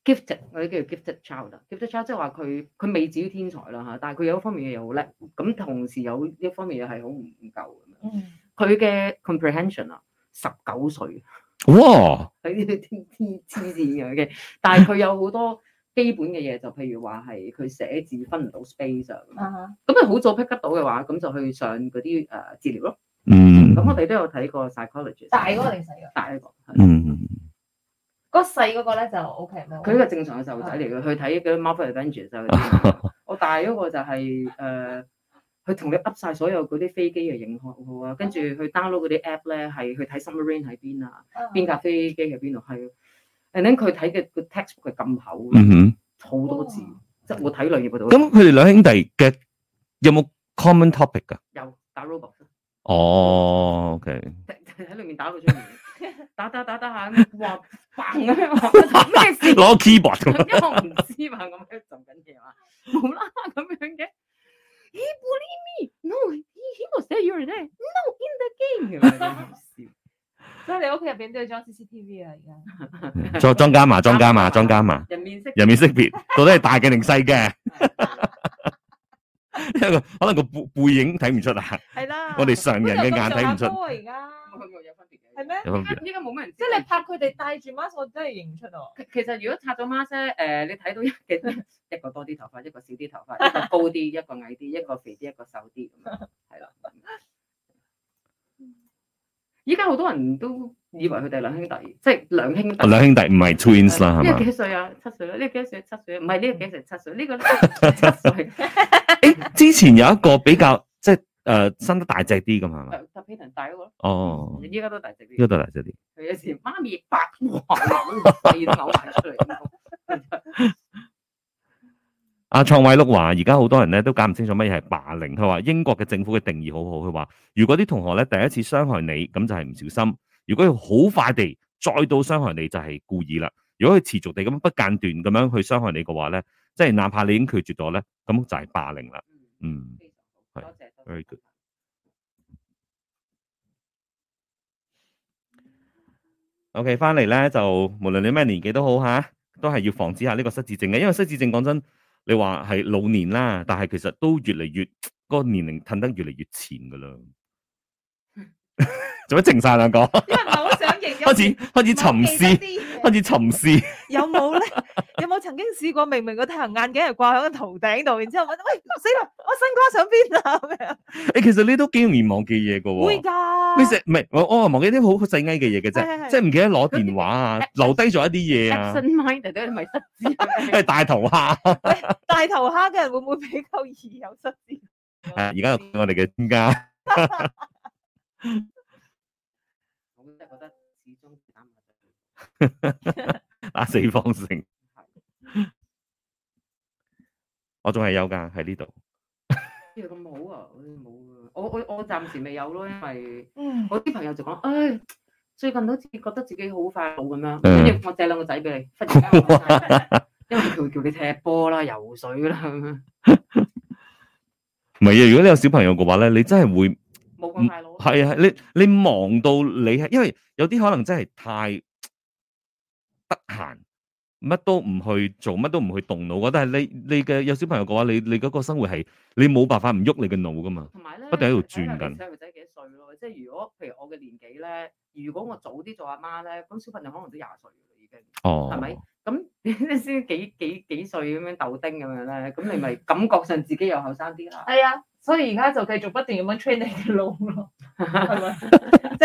Gifted，我哋叫做 gifted child 啦。gifted child 即係話，佢佢未至於天才啦吓，但係佢有一方面嘅嘢好叻，咁同時有一方面嘢係好唔夠咁樣。佢嘅 comprehension 啊，十九歲哇，喺呢啲黐黐線嘅，但係佢有好多基本嘅嘢， 就譬如話係佢寫字分唔到 space 上，uh。咁佢好早 pick up 到嘅話，咁就去上嗰啲誒治療咯。嗯，咁我哋都有睇過 psychology。大個定細個？大一個。嗯。嗰細嗰個咧就 O K 咯，佢呢個正常嘅細路仔嚟嘅，去睇嗰啲 Marvel Adventures 啊。的 我大嗰個就係、是、誒，佢、呃、同你 Up 晒所有嗰啲飛機嘅影形好啊， 跟住去 download 嗰啲 app 咧，係去睇 submarine 喺邊啊，邊 架飛機喺邊度，係，誒，And then 佢睇嘅個 textbook 係咁厚，好、嗯、哼多字，哦、即係我睇兩頁度。咁佢哋兩兄弟嘅有冇 common topic 㗎？有，有，有打 robot 哦，O K。喺喺裏面打 o w 出打打打打下，我扮咩？我做咩事？攞 keyboard，因為我唔知嘛，我唔係做緊嘢嘛，無啦啦咁樣嘅。He believe me？No，He must say you're there。No，in the game。你屋企入邊都係裝 CCTV 啊！而家裝莊家嘛，莊家嘛，莊家嘛。人面識人面識別，到底係大嘅定細嘅？一個可能個背背影睇唔出啊！係啦，我哋常人嘅眼睇唔出。而家。咩？依家冇咩人，即係你拍佢哋戴住 mask，我真係認唔出哦。其實如果拆咗 mask，誒，你睇到一嘅一個多啲頭髮，一個少啲頭髮，一個高啲， 一個矮啲，一個肥啲，一個瘦啲，咁樣係啦。依家好多人都以為佢哋兩兄弟，即係兩兄弟。兩兄弟唔係 twins 啦，係嘛？呢個幾歲啊？七歲啦。呢個幾歲？七歲。唔係，呢個幾歲？七歲。呢個呢？七歲。誒，之前有一個比較。誒，生得、呃、大隻啲咁係嘛？十皮層大喎。哦，你依家都大隻啲。依家都大隻啲。佢有時媽 咪白咁話，我哋都嘔大阿創偉陸話：，而家好多人咧都搞唔清楚乜嘢係霸凌。佢話英國嘅政府嘅定義好好。佢話如果啲同學咧第一次傷害你，咁就係唔小心；如果佢好快地再度傷害你，就係、是、故意啦。如果佢持續地咁不間斷咁樣去傷害你嘅話咧，即係哪怕你已經拒絕咗咧，咁就係霸凌啦。嗯，係。very good okay。OK，翻嚟咧就，無論你咩年紀都好吓，都係要防止下呢個失智症嘅。因為失智症講真，你話係老年啦，但係其實都越嚟越、嗰個年齡褪得越嚟越前噶啦。做乜 靜晒兩個？ 開始開始沉思，開始沉思，有冇咧？有冇曾經試過明明個太陽眼鏡係掛喺個頭頂度，然之後問：喂，死啦！我新瓜上邊啊？誒，其實你都幾容易忘記嘢噶喎。會噶。其實唔係，我我係忘記啲好細埃嘅嘢嘅啫，即係唔記得攞電話啊，留低咗一啲嘢啊。新買嘅嘢咪失大頭蝦。大頭蝦嘅人會唔會比較易有失智？係而家我哋嘅專家。打四方城，我仲係有噶喺呢度。咁好啊，冇啊！我我我暫時未有咯，因為我啲朋友就講，唉，最近都好似覺得自己好快老咁樣。跟住我借兩個仔俾你，因為佢叫你踢波啦、游水啦。唔係啊，如果你有小朋友嘅話咧，你真係會冇咁快老。係啊，你你忙到你係，因為有啲可能真係太。得閒乜都唔去做，乜都唔去動腦嘅。但係你你嘅有小朋友嘅話，你你嗰個生活係你冇辦法唔喐你嘅腦噶嘛？不斷喺度轉緊。而且細路仔幾歲咯？即係如果譬如我嘅年紀咧，如果我早啲做阿媽咧，咁小朋友可能都廿歲啦已經。哦，係咪？咁你先幾幾幾歲咁樣豆丁咁樣咧？咁你咪感覺上自己又後生啲啦。係、嗯、啊。所以而家就繼續不斷咁樣 train 你嘅腦咯，即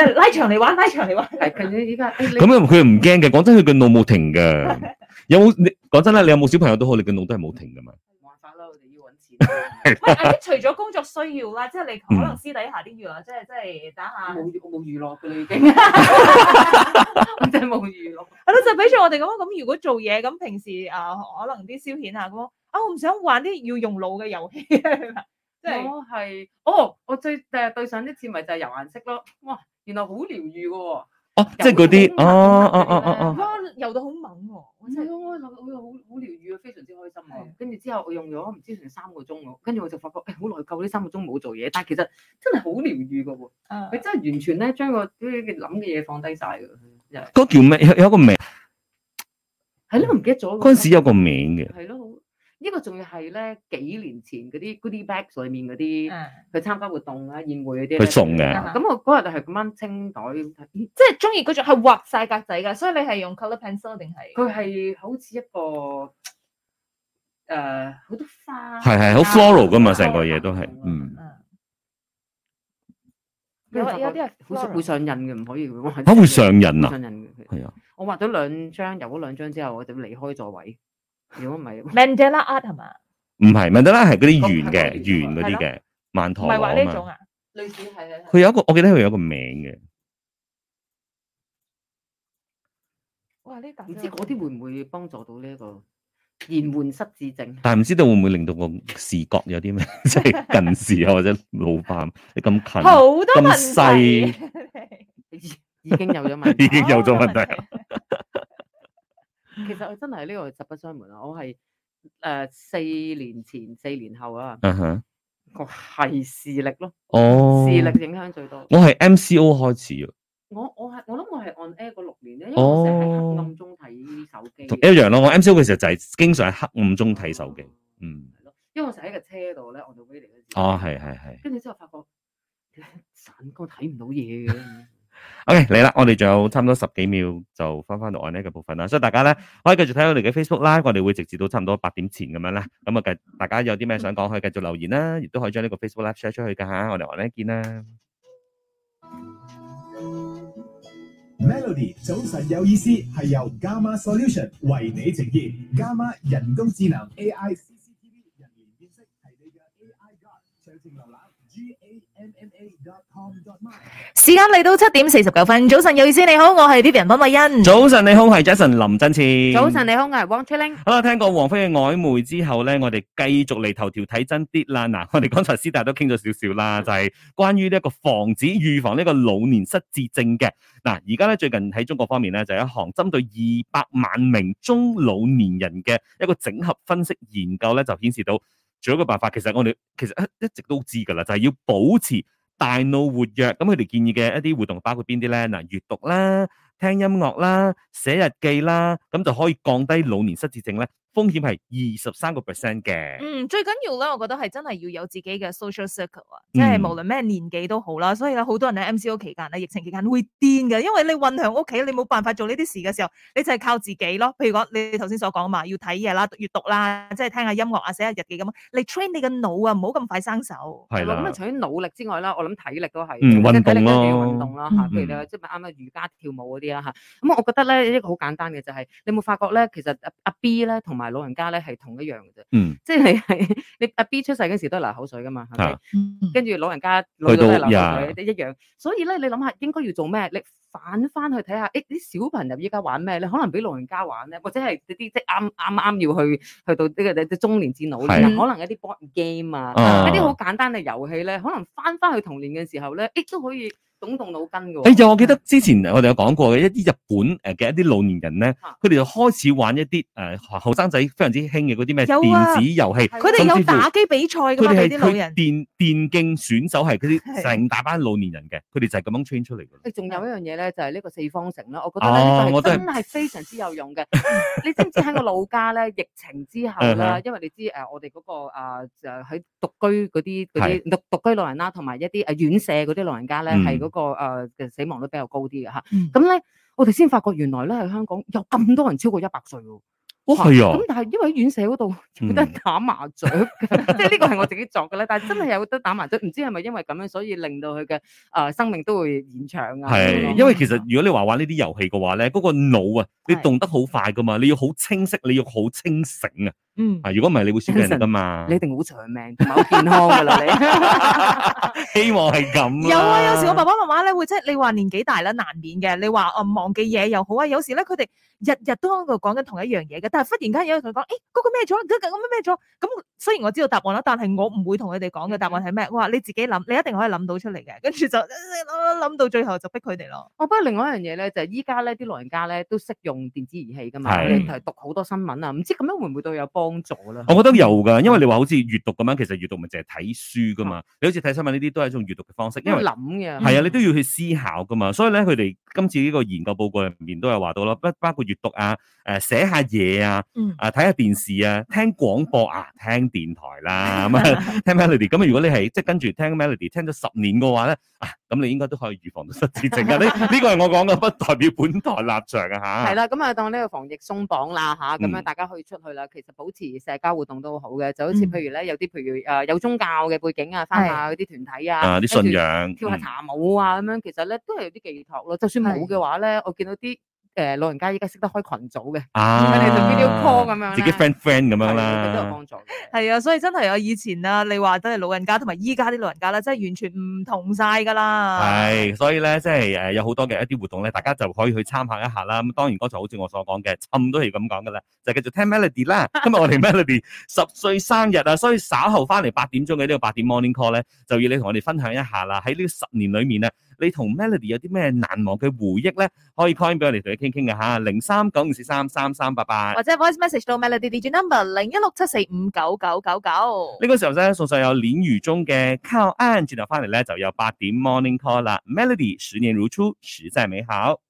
係 拉長嚟玩，拉長嚟玩。而家咁樣，佢唔驚嘅。講真，佢嘅腦冇停㗎。有冇你講真啦？你有冇小朋友都好，你嘅腦都係冇停噶嘛。冇辦法啦，我哋要揾錢。喂、 啊，除咗工作需要啦，即係你可能私底下啲娛樂，即係即係打下。冇冇娛樂嘅啦，已經。真係冇娛樂。係咯，就比如我哋咁咯。咁如果做嘢咁，平時啊、呃，可能啲消遣下咁啊，我唔想玩啲要用腦嘅遊戲。我係哦，oh, 我最誒對上一次咪就係油顏色咯，哇！原來好療愈嘅喎。哦、啊，即係嗰啲哦哦哦哦哦，哇、啊！啊、油到好猛喎，我真係我我我我好好療愈啊，非常之開心啊！跟住是的 之後我用咗唔知成三個鐘咯，跟住我就發覺好內疚，呢、哎、三個鐘冇做嘢，但係其實真係好療愈嘅喎。佢的真係完全咧將個啲諗嘅嘢放低晒嘅。嗰叫咩有個名？係咯、嗯，唔記得咗。嗰陣時有個名嘅。咯。呢個仲要係咧幾年前嗰啲 Goodie Bags 裏面嗰啲，去參加活動啊、宴會嗰啲，佢送嘅。咁我嗰日係咁樣清袋，即係中意嗰種係畫曬格仔嘅，所以你係用 Colour Pencil 定係？佢係好似一個誒好多花，係係好 floral 噶嘛，成個嘢都係。嗯。有有啲人好識會上印嘅，唔可以。佢會上印啊！上印嘅係啊！我畫咗兩張，有咗兩張之後，我就離開座位。如果唔係，mandala art 係嘛？唔係 mandala 係嗰啲圓嘅圓嗰啲嘅曼陀羅啊嘛。唔係話呢種啊，類似係係係。佢有一個，我記得佢有一個名嘅。哇呢啖！唔知嗰啲會唔會幫助到呢一個延緩失智症？但係唔知道會唔會令到個視覺有啲咩，即係近視啊或者老花，你咁近咁細，已經有咗問題。已經有咗問題。其實我真係呢個實不相瞞啊！我係誒四年前四年後啊，個係視力咯，視力影響最多。我係 MCO 開始啊，我我係我諗我係按 A 嗰六年咧，因為我成日喺黑暗中睇手機。同 A 一樣咯，我 MCO 嘅時候就係經常喺黑暗中睇手機。嗯，因為我成日喺個車度咧，我就會嚟。哦，係係係。跟住之後發覺散光睇唔到嘢嘅。O K 嚟啦，我哋仲有差唔多十幾秒就翻翻到 o 呢 l 嘅部分啦，所以大家咧可以繼續睇我哋嘅 Facebook Live。我哋會直接到差唔多八點前咁樣咧，咁啊，大家有啲咩想講可以繼續留言啦，亦都可以將呢個 Facebook Live share 出去噶吓，我哋 o n l i 見啦。Melody 早晨有意思係由 Gamma Solution 為你呈現，Gamma 人工智能 A I。AI 時間嚟到七點四十九分，早晨有意思，你好，我係 Peter 潘慧欣。早晨你好，係 Jason 林振志。早晨你好，係汪秋玲。好啦，聽過王菲嘅曖昧之後咧，我哋繼續嚟頭條睇真啲啦。嗱，我哋剛才師大都傾咗少少啦，就係關於呢一個防止預防呢個老年失智症嘅。嗱，而家咧最近喺中國方面咧，就有一項針對二百萬名中老年人嘅一個整合分析研究咧，就顯示到。仲有一個辦法，其實我哋其實一一直都知㗎喇，就係要保持大腦活躍。咁佢哋建議嘅一啲活動包括邊啲呢？閱讀啦、聽音樂啦、寫日記啦，咁就可以降低老年失智症呢風險係二十三個 percent 嘅。嗯，最緊要咧，我覺得係真係要有自己嘅 social circle 啊，嗯、即係無論咩年紀都好啦。所以咧，好多人喺 MCO 期間咧，疫情期間會癲㗎，因為你困向屋企，你冇辦法做呢啲事嘅時候，你就係靠自己咯。譬如講，你頭先所講啊嘛，要睇嘢啦、閲讀啦，即係聽下音樂啊、寫下日記咁，你 train 你嘅腦啊，唔好咁快生手。係咁啊，除咗努力之外啦，我諗體力都係，運動咯，運動啦嚇，嗯、譬如你、嗯、啊，即係咪啱啱瑜伽、跳舞嗰啲啦嚇。咁我覺得咧一、這個好簡單嘅就係、是，你有冇發覺咧？其實阿阿 B 咧同埋。老人家咧，係同一樣嘅啫，嗯、即係係你阿 B 出世嗰時都流口水噶嘛，係咪、啊？跟住老人家老咗都係流口水，一樣。所以咧，你諗下應該要做咩？你反翻去睇下，誒、欸、啲小朋友依家玩咩，你可能俾老人家玩咧，或者係啲即啱啱啱要去去到呢個啲中年至老年，可能一啲 board game 啊，一啲好簡單嘅遊戲咧，可能翻翻去童年嘅時候咧，亦、欸、都可以。動動腦筋㗎、哦！哎呀，我記得之前我哋有講過嘅一啲日本誒嘅一啲老年人咧，佢哋的就開始玩一啲誒後生仔非常之興嘅嗰啲咩電子遊戲，佢哋有、啊、有打機比賽嘅嘛？係啲老人電電競選手係嗰啲成大班老年人嘅，佢哋就係咁樣 train 出嚟㗎。誒，仲有一樣嘢咧，就係、是、呢個四方城啦，我覺得呢個、哦、真係非常之有用嘅。 你知唔知喺個老家咧疫情之後啦， 因為你知誒、那個，我哋嗰個就喺獨居嗰啲啲獨獨居老人啦，同埋一啲誒、啊、院舍嗰啲老人家咧，係、嗯個誒嘅死亡率比較高啲嘅嚇，咁咧、嗯、我哋先發覺原來咧喺香港有咁多人超過一百歲喎。係、哦、啊，咁但係因為院舍嗰度有，、嗯、 有得打麻雀，即係呢個係我自己作嘅，啦。但係真係有得打麻雀，唔知係咪因為咁樣，所以令到佢嘅誒生命都會延長啊？係是，那個、因為其實、嗯、如果你話玩呢啲遊戲嘅話咧，嗰、嗰個腦啊，你動得好快噶嘛，是你要好清晰，你要好清醒啊。嗯，啊，如果唔係你會輸 Nelson, 人噶嘛，你一定好長命好健康噶 啦，你希望係咁。有啊，有時我爸爸媽媽咧會即係你話年紀大啦，難免嘅。你話啊忘記嘢又好啊，有時咧佢哋日日都喺度講緊同一樣嘢嘅，但係忽然間有人同佢講，誒、欸、嗰、那個咩咗，咁咁咩咗，咁、那個、雖然我知道答案啦，但係我唔會同佢哋講嘅答案係咩，我話你自己諗，你一定可以諗到出嚟嘅，跟住就諗到最後就逼佢哋咯。不過，另外一樣嘢咧就係依家咧啲老人家咧都識用電子儀器噶嘛，嚟是讀好多新聞啊，唔知咁樣會唔會都有幫。幫助啦，我覺得有噶，因為你話好似閱讀咁樣，其實閱讀咪淨係睇書噶嘛。嗯、你好似睇新聞呢啲都係一種閱讀嘅方式，因為諗嘅，係啊，你都要去思考噶嘛。所以咧，佢哋今次呢個研究報告入面都有話到啦，不包括閱讀啊，誒、呃、寫下嘢啊，啊睇下電視啊，聽廣播啊，啊聽電台啦，咁啊聽 melody。咁 如果你係即係跟住聽 melody 聽咗十年嘅話咧。啊咁你應該都可以預防到失智症㗎，呢呢個係我講嘅，不代表本台立場啊吓，係啦 咁啊當呢個防疫鬆綁啦吓，咁樣大家可以出去啦。其實保持社交活動都好嘅，就好似譬如咧有啲譬如誒有宗教嘅背景的啊，返下嗰啲團體啊，啲信仰，跳下茶舞啊咁樣，嗯、其實咧都係有啲寄託咯。就算冇嘅話咧，的我見到啲。誒、呃，老人家依家識得開群組嘅，啊是就是，video call 咁樣，自己 friend friend 咁樣啦，都有幫助。係啊，所以真係我以前啦，你話都係老人家同埋依家啲老人家啦，真係完全唔同晒噶啦。係，所以咧，即係誒，有好多嘅一啲活動咧，大家就可以去參考一下啦。咁當然，嗰就好似我所講嘅，冚都係咁講噶啦，就繼續聽 Melody 啦。今日我哋 Melody, 日我哋 Melody 十歲生日啊，所以稍後翻嚟八點鐘嘅呢個八點 morning call 咧，就要你同我哋分享一下啦。喺呢十年裏面呢。你同 Melody 有啲咩難忘嘅回憶呢？可以 call 俾我哋同你傾傾㗎。嚇，零三九五四三三三八八，或者 voice message 到 Melody DJ number 零一六七四五九九九九。呢個時候呢，送上有《漣雨中嘅靠岸》，接落返嚟呢，就有八點 Morning Call 啦。Melody 十年如初，實在美好。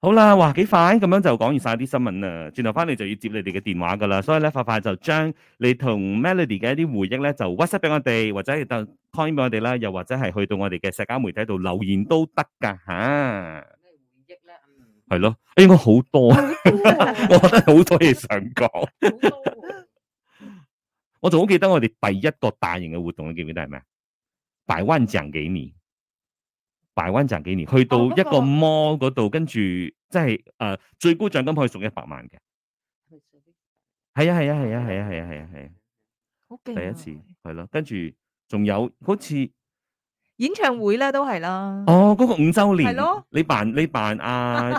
好啦，哇，幾快咁樣就講完晒啲新聞啦。轉頭翻嚟就要接你哋嘅電話噶啦，所以咧快快就將你同 Melody 嘅一啲回憶咧就 WhatsApp 俾我哋，或者係 t comment 俾我哋啦，又或者係去到我哋嘅社交媒體度留言都得噶吓。咩回憶咧？係咯、嗯，應該好多，嗯、 我覺得好多嘢想講。啊、 我仲好記得我哋第一個大型嘅活動，你記唔記得係咩啊？百灣幾年。大灣站，幾年，去到一個 mall 嗰度，跟住即係誒，最高獎金可以送一百萬嘅。係啊係啊係啊係啊係啊係啊係啊！好勁！第一次係咯，跟住仲有好似演唱會咧，都係啦。哦，嗰個五周年係咯，你扮你扮阿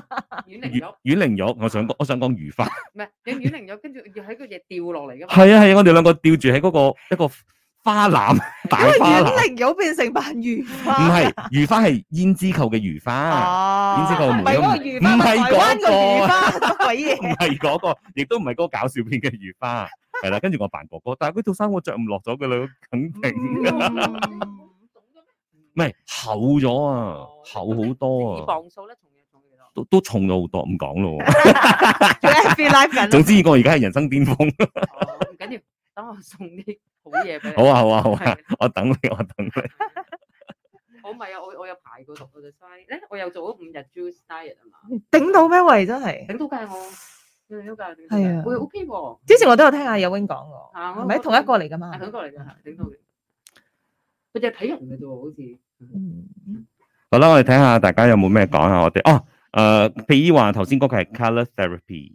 阮玲玉，阮玲玉。我想我想講如花，唔係，你阮玲玉跟住要喺個嘢吊落嚟嘅。係啊係啊，我哋兩個吊住喺嗰個一個花籃，大花籃，零咗變成扮魚花。唔係，魚花係胭脂扣嘅魚花。哦、啊，胭脂扣唔係嗰個魚花，魚花，唔係嗰個魚花，鬼嘢。唔係嗰個，亦都唔係嗰個搞笑片嘅魚花。係啦， 跟住我扮哥哥，但係佢套衫我着唔落咗㗎啦，我肯定。唔、嗯，唔係厚咗啊，厚好、哦、多啊。磅數咧，重咗重咗。都重咗好多，唔講咯。h 總之，我而家係人生巔峰。唔緊要，等我送啲。好啊好啊好啊！我等你，我等你。我咪有我我有排過毒啊，就係咧，我又做咗五日 Juice Diet 啊嘛。頂到咩位真係？頂到嘅我頂到嘅會 OK 喎。之前我都有聽阿有 wing 講我唔係同一個嚟噶嘛？係同一個嚟嘅，係頂到嘅。佢就睇人嘅啫喎，好似。好啦，我哋睇下大家有冇咩講啊！我哋哦，誒，譬如話頭先嗰句係 Colour Therapy。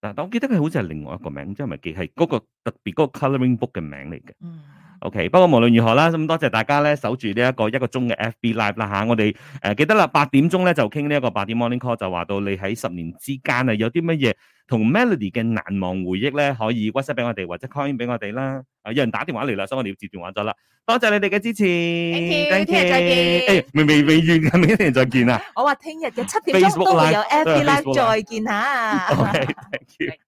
但我記得佢好似係另外一個名字，即係咪記係嗰個特別嗰個 colouring book 嘅名嚟嘅？OK，不過無論如何啦，咁多謝大家咧守住呢一個一個鐘嘅 FB Live 啦、嚇、我哋誒、呃、記得啦，八點鐘咧就傾呢一個八點 Morning Call，就話到你喺十年之間啊有啲乜嘢同 Melody 嘅難忘回憶咧可以 WhatsApp 俾我哋或者 call in 俾我哋啦。啊，有人打電話嚟啦，所以我哋要接電話咗啦。多謝你哋嘅支持，thank you，thank you，, thank you. 聽日再見、哎。未未未，未完明未一定再見啊。我話聽日嘅七點鐘 Facebook 都會有 FB Facebook Live 再見嚇。 OK，thank、okay, you。